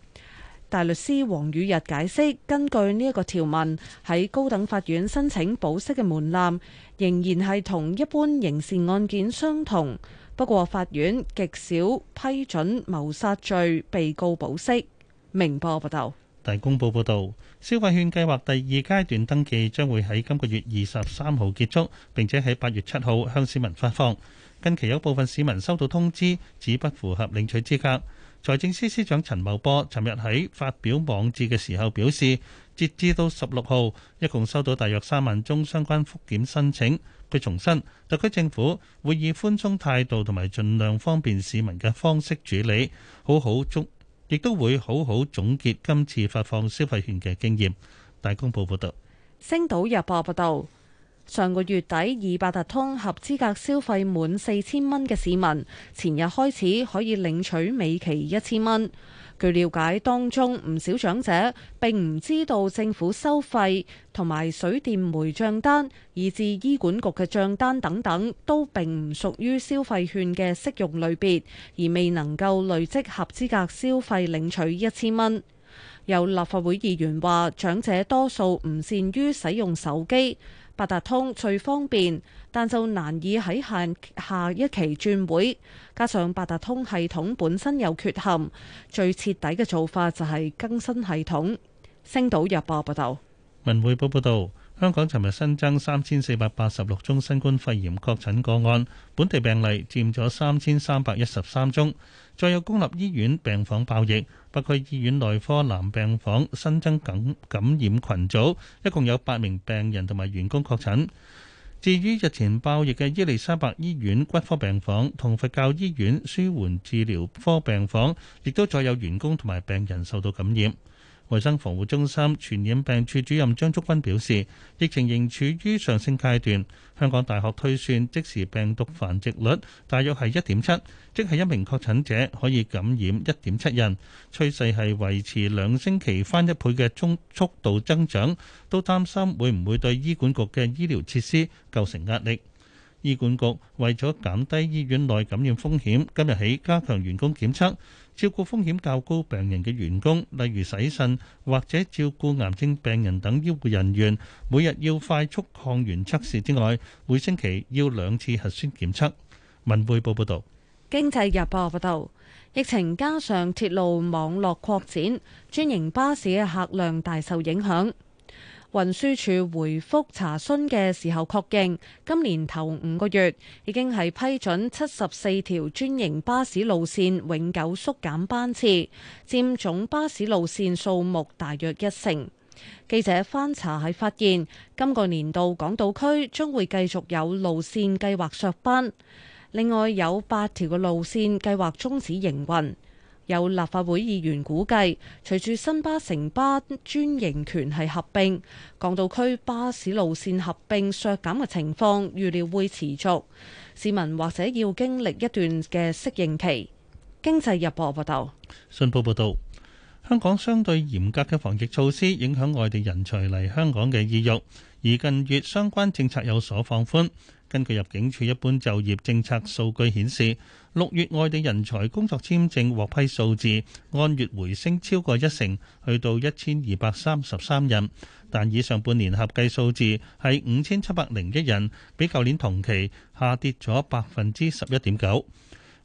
大律師黃宇日解釋，根據呢一個條文，喺高等法院申請保釋嘅門檻仍然係同一般刑事案件相同，不過法院極少批准謀殺罪被告保釋。明報報道，大公報報道，消費券計劃第二階段登記將會喺今個月二十三號結束，並且喺八月七號向市民發放。近期有部分市民收到通知，指不符合領取資格。財政司司長陳茂波尋日喺發表網誌嘅時候表示，截至到十六號，一共收到大約三萬宗相關復檢申請。佢重申，特區政府會以寬鬆態度同埋盡量方便市民嘅方式處理，好好總亦都會好好總結今次發放消費券嘅經驗。大公報報道。《星島日報》報道。上個月底，用八達通合資格消費滿四千蚊嘅市民，前日開始可以領取尾期一千蚊。據了解，當中唔少長者並唔知道政府收費同埋水電煤帳單，以至醫管局嘅帳單等等都並唔屬於消費券嘅適用類別，而未能夠累積合資格消費領取一千蚊。有立法會議員話，長者多數唔善於使用手機。八達通最方便，但就難以喺限下一期轉會。加上八達通系統本身有缺陷，最徹底嘅做法就係更新系統。星島日報報道。文匯報報道，香港尋日新增三千四百八十六宗新冠肺炎確診個案，本地病例佔咗三千三百一十三宗，再有公立醫院病房爆疫。北區醫院內科男病房新增感感染群組，一共有八名病人同埋員工確診。至於日前爆疫嘅伊利沙伯醫院骨科病房同佛教醫院舒緩治療科病房，亦都再有員工同埋病人受到感染。衛生防護中心傳染病處主任張竹君表示，疫情仍處於上升階段。香港大學推算即時病毒繁殖率大約係一點七，即係一名確診者可以感染一點七人。趨勢係維持兩星期翻一倍嘅中速度增長，都擔心會唔會對醫管局嘅醫療設施構成壓力。醫管局為咗減低醫院內感染風險，今日起加強員工檢測。照顧風險較高病人嘅員工，例如洗腎或者照顧癌症病人等醫護人員，每日要快速抗原測試之外，每星期要兩次核酸檢測。文匯報報道，經濟日報報道，疫情加上鐵路網絡擴展，專營巴士嘅客量大受影響。運輸署回覆查詢嘅時候確認，今年頭五個月已經係批准七十四條專營巴士路線永久縮減班次，佔總巴士路線數目大約一成。記者翻查係發現，今個年度港島區將會繼續有路線計劃削班，另外有八條嘅路線計劃終止營運。有立法會議員估計，隨住新巴、城巴專營權係合併，港島區巴士路線合併削減嘅情況預料會持續，市民或者要經歷一段嘅適應期。經濟日報報道，信報報道，香港相對嚴格嘅防疫措施影響外地人才嚟香港嘅意欲，而近月相關政策有所放寬。根據入境處一般就業政策數據顯示，六月外地人才工作簽證獲批數字按月回升超過一成，去到一千二百三十三人。但以上半年合計數字係五千七百零一人，比舊年同期下跌咗百分之十一點九。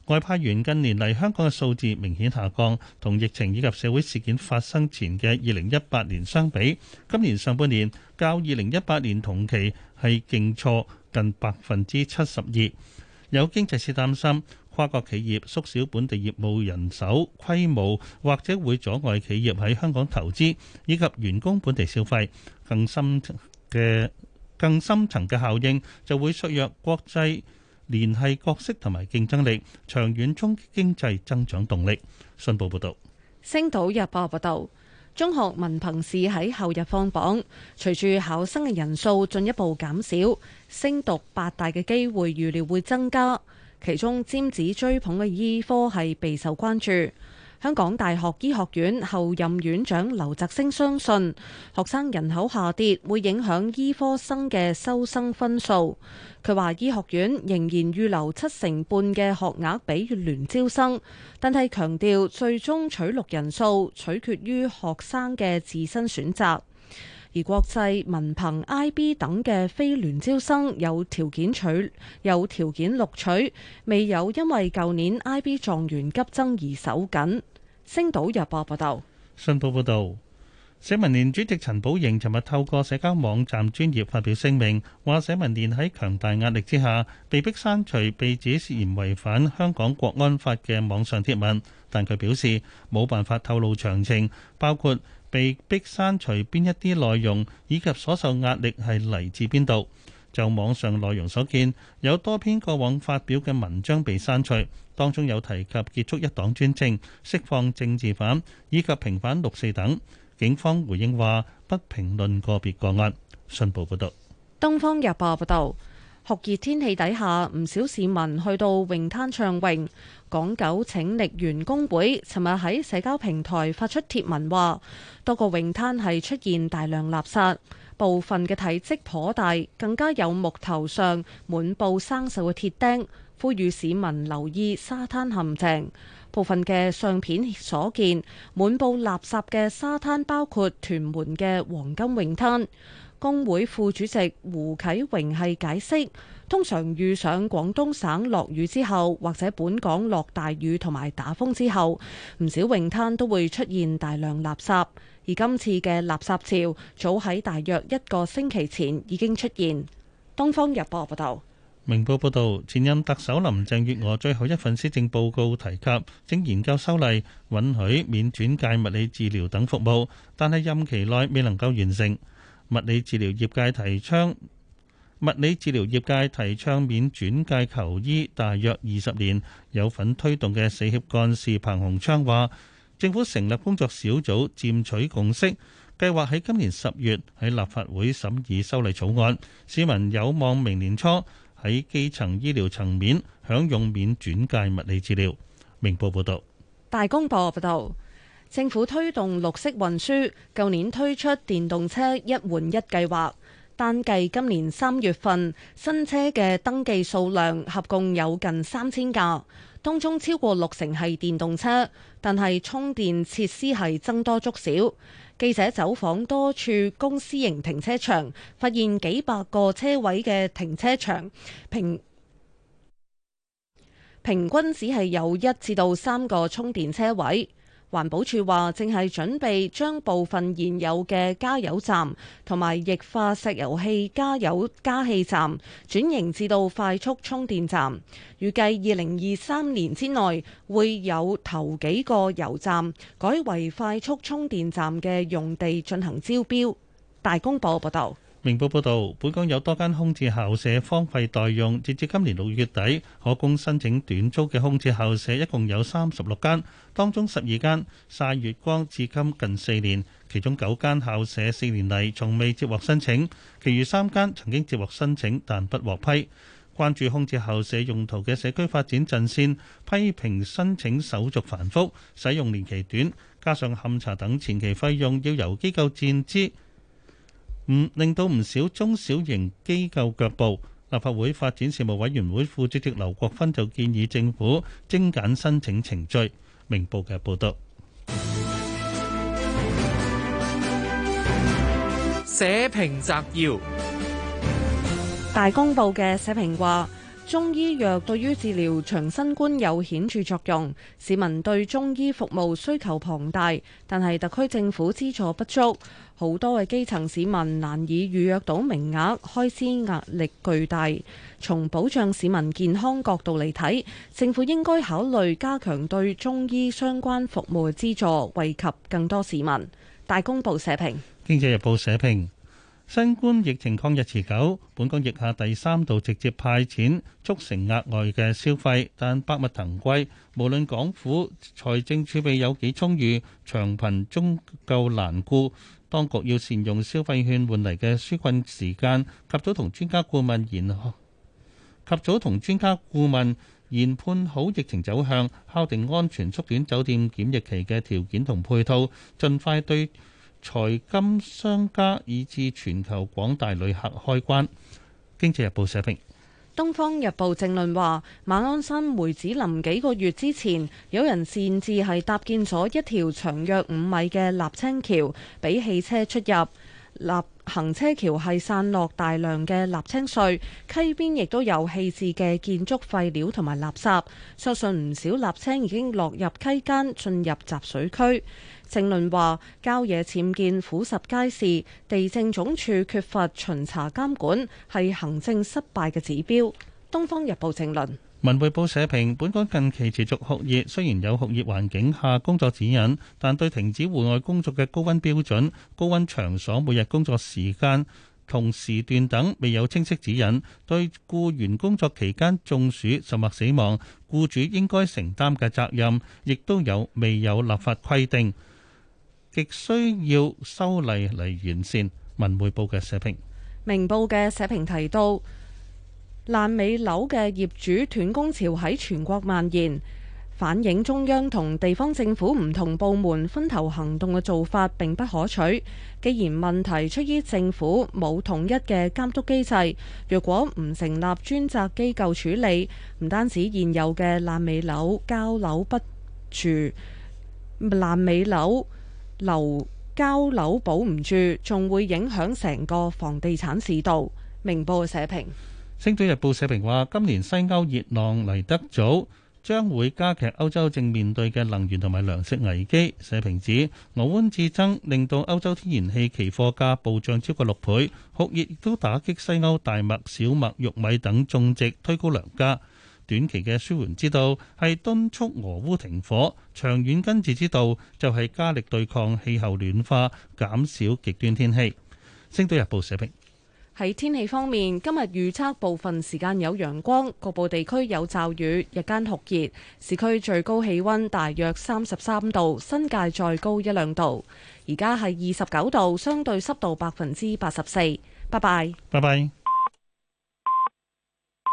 外派員近年嚟香港嘅數字明顯下降，同疫情以及社會事件發生前嘅二零一八年相比，今年上半年較二零一八年同期係勁挫，近百分之七十二有經濟師擔心跨國企業縮小本地業務人手規模，或者會阻礙企業喺香港投資以及員工本地消費。更深嘅更深層嘅效應就會削弱國際聯繫角色同埋競爭力，長遠衝擊經濟增長動力。信報報道。星島日報報道。中學文憑試喺後日放榜，隨住考生嘅人數進一步減少，升讀八大嘅機會預料會增加，其中尖子追捧嘅醫科系備受關注。香港大學醫學院後任院長劉澤星相信，學生人口下跌會影響醫科生嘅收生分數。佢話醫學院仍然預留七成半嘅學額俾聯招生，但係強調最終取錄人數取決於學生嘅自身選擇。而國際文憑 IB 等嘅非聯招生有條件取有條件錄取，未有因為舊年 IB 狀元急增而收緊。星島日報報道。信報報道，社民連主席陳寶瑩尋日透過社交網站專頁發表聲明，話社民連喺強大壓力之下，被迫刪除被指涉嫌違反香港國安法嘅網上貼文，但佢表示冇辦法透露詳情，包括被逼刪除邊一啲內容，以及所受壓力係嚟自邊度？就網上內容所見，有多篇過往發表嘅文章被刪除，當中有提及結束一黨專政、釋放政治犯以及平反六四等。警方回應話不評論個別個案。信報報道，東方日報報道。酷熱天氣底下，唔少市民去到泳灘暢泳。港九拯溺員工會尋日喺社交平台發出貼文話，多個泳灘係出現大量垃圾，部分嘅體積頗大，更加有木頭上滿布生鏽嘅鐵釘，呼籲市民留意沙灘陷阱。部分嘅相片所見，滿布垃圾嘅沙灘包括屯門嘅黃金泳灘。工會副主席胡啟榮係解釋：通常遇上廣東省落雨之後，或者本港落大雨同埋打風之後，唔少泳灘都會出現大量垃圾。而今次嘅垃圾潮早喺大約一個星期前已經出現。東方日報報道，明報報道。前任特首林鄭月娥最後一份施政報告提及，正研究修例允許免轉介物理治療等服務，但係任期內未能夠完成。物理治療業界提倡，物理治療業界提倡免轉介求醫大約二十年。有份推動嘅社協幹事彭鴻昌話，政府成立工作小組佔取共識，計劃喺今年十月喺立法會審議修例草案，市民有望明年初喺基層醫療層面享用免轉介物理治療。明報報道。大公報報導。政府推動綠色運輸，舊年推出電動車一換一計劃。單計今年三月份新車嘅登記數量，合共有近三千架，當中超過六成係電動車，但係充電設施係增多足少。記者走訪多處公私營停車場，發現幾百個車位嘅停車場，平平均只係有一至到三個充電車位。環保署話，正係準備將部分現有嘅加油站同埋液化石油氣加油加氣站轉型至到快速充電站，預計二零二三年之內會有頭幾個油站改為快速充電站嘅用地進行招標。大公報報道。明報報導，本港有多間空置校舍荒廢待用，截至今年六月底，可供申請短租嘅空置校舍一共有三十六間，當中十二間曬月光，至今近四年，其中九間校舍四年嚟從未接獲申請，其餘三間曾經接獲申請但不獲批。關注空置校舍用途嘅社區發展陣線批評申請手續繁複，使用年期短，加上勘查等前期費用要由機構墊資。唔令到唔少中小型機構腳步，立法會發展事務委員會副主席劉國勳就建議政府精簡申請程序。明報嘅報道，社評摘要，大公報嘅社評話。中醫藥對於治療長新冠有顯著作用，市民對中醫服務需求龐大，但係特區政府資助不足，好多嘅基層市民難以預約到名額，開支壓力巨大。從保障市民健康角度嚟睇，政府應該考慮加強對中醫相關服務嘅資助，惠及更多市民。大公報社評，《經濟日報》社評。新冠疫情抗疫持久，本港疫下第三度直接派錢促成額外嘅消費，但百物騰貴，無論港府財政儲備有幾充裕，長貧終究難顧，當局要善用消費券換嚟嘅紓困時間，及早同專家顧問研，及早同專家顧問研判好疫情走向，敲定安全縮短酒店檢疫期嘅條件同配套，盡快對。財金商家以至全球廣大旅客開關，《經濟日報》社評，《東方日報》正論話：馬鞍山梅子林幾個月之前，有人擅自係搭建咗一條長約五米嘅瀝青橋俾汽車出入。立行車橋係散落大量嘅瀝青碎，溪邊亦都有棄置嘅建築廢料同埋垃圾。相信唔少瀝青已經落入溪間，進入集水區。政論話：郊野僭建腐蝕街市，地政總署缺乏巡查監管，係行政失敗嘅指標。東方日報政論，《文匯報》社評：本港近期持續酷熱，雖然有酷熱環境下工作指引，但對停止戶外工作嘅高溫標準、高溫場所每日工作時間、同時段等未有清晰指引；對僱員工作期間中暑甚或死亡，僱主應該承擔嘅責任，亦都有未有立法規定。亦需要修例嚟完善文匯報嘅社評。明報嘅社評提到，爛尾樓嘅業主斷供潮喺全國蔓延，反映中央同地方政府唔同部門分頭行動嘅做法，並不可取。既然問題出於政府冇統一嘅監督機制，若果唔成立專責機構處理，唔單止現有嘅爛尾樓交樓不住，爛尾樓樓交樓保唔住，仲會影響成個房地產市道。明報社評。《星島日報》社評話：今年西歐熱浪嚟得早，將會加劇歐洲正面對嘅能源同埋糧食危機。社評指俄烏戰爭令到歐洲天然氣期貨價暴漲超過六倍，酷熱亦都打擊西歐大麥、小麥、玉米等種植，推高糧價。短期嘅舒緩之道係敦促俄烏停火，長遠根治之道就係加力對抗氣候暖化，減少極端天氣。星島日報社評。喺天氣方面，今日預測部分時間有陽光，局部地區有驟雨，日間酷熱，市區最高氣温大約三十三度，新界再高一兩度。而家係二十九度，相對濕度百分之八十四。拜拜。拜拜。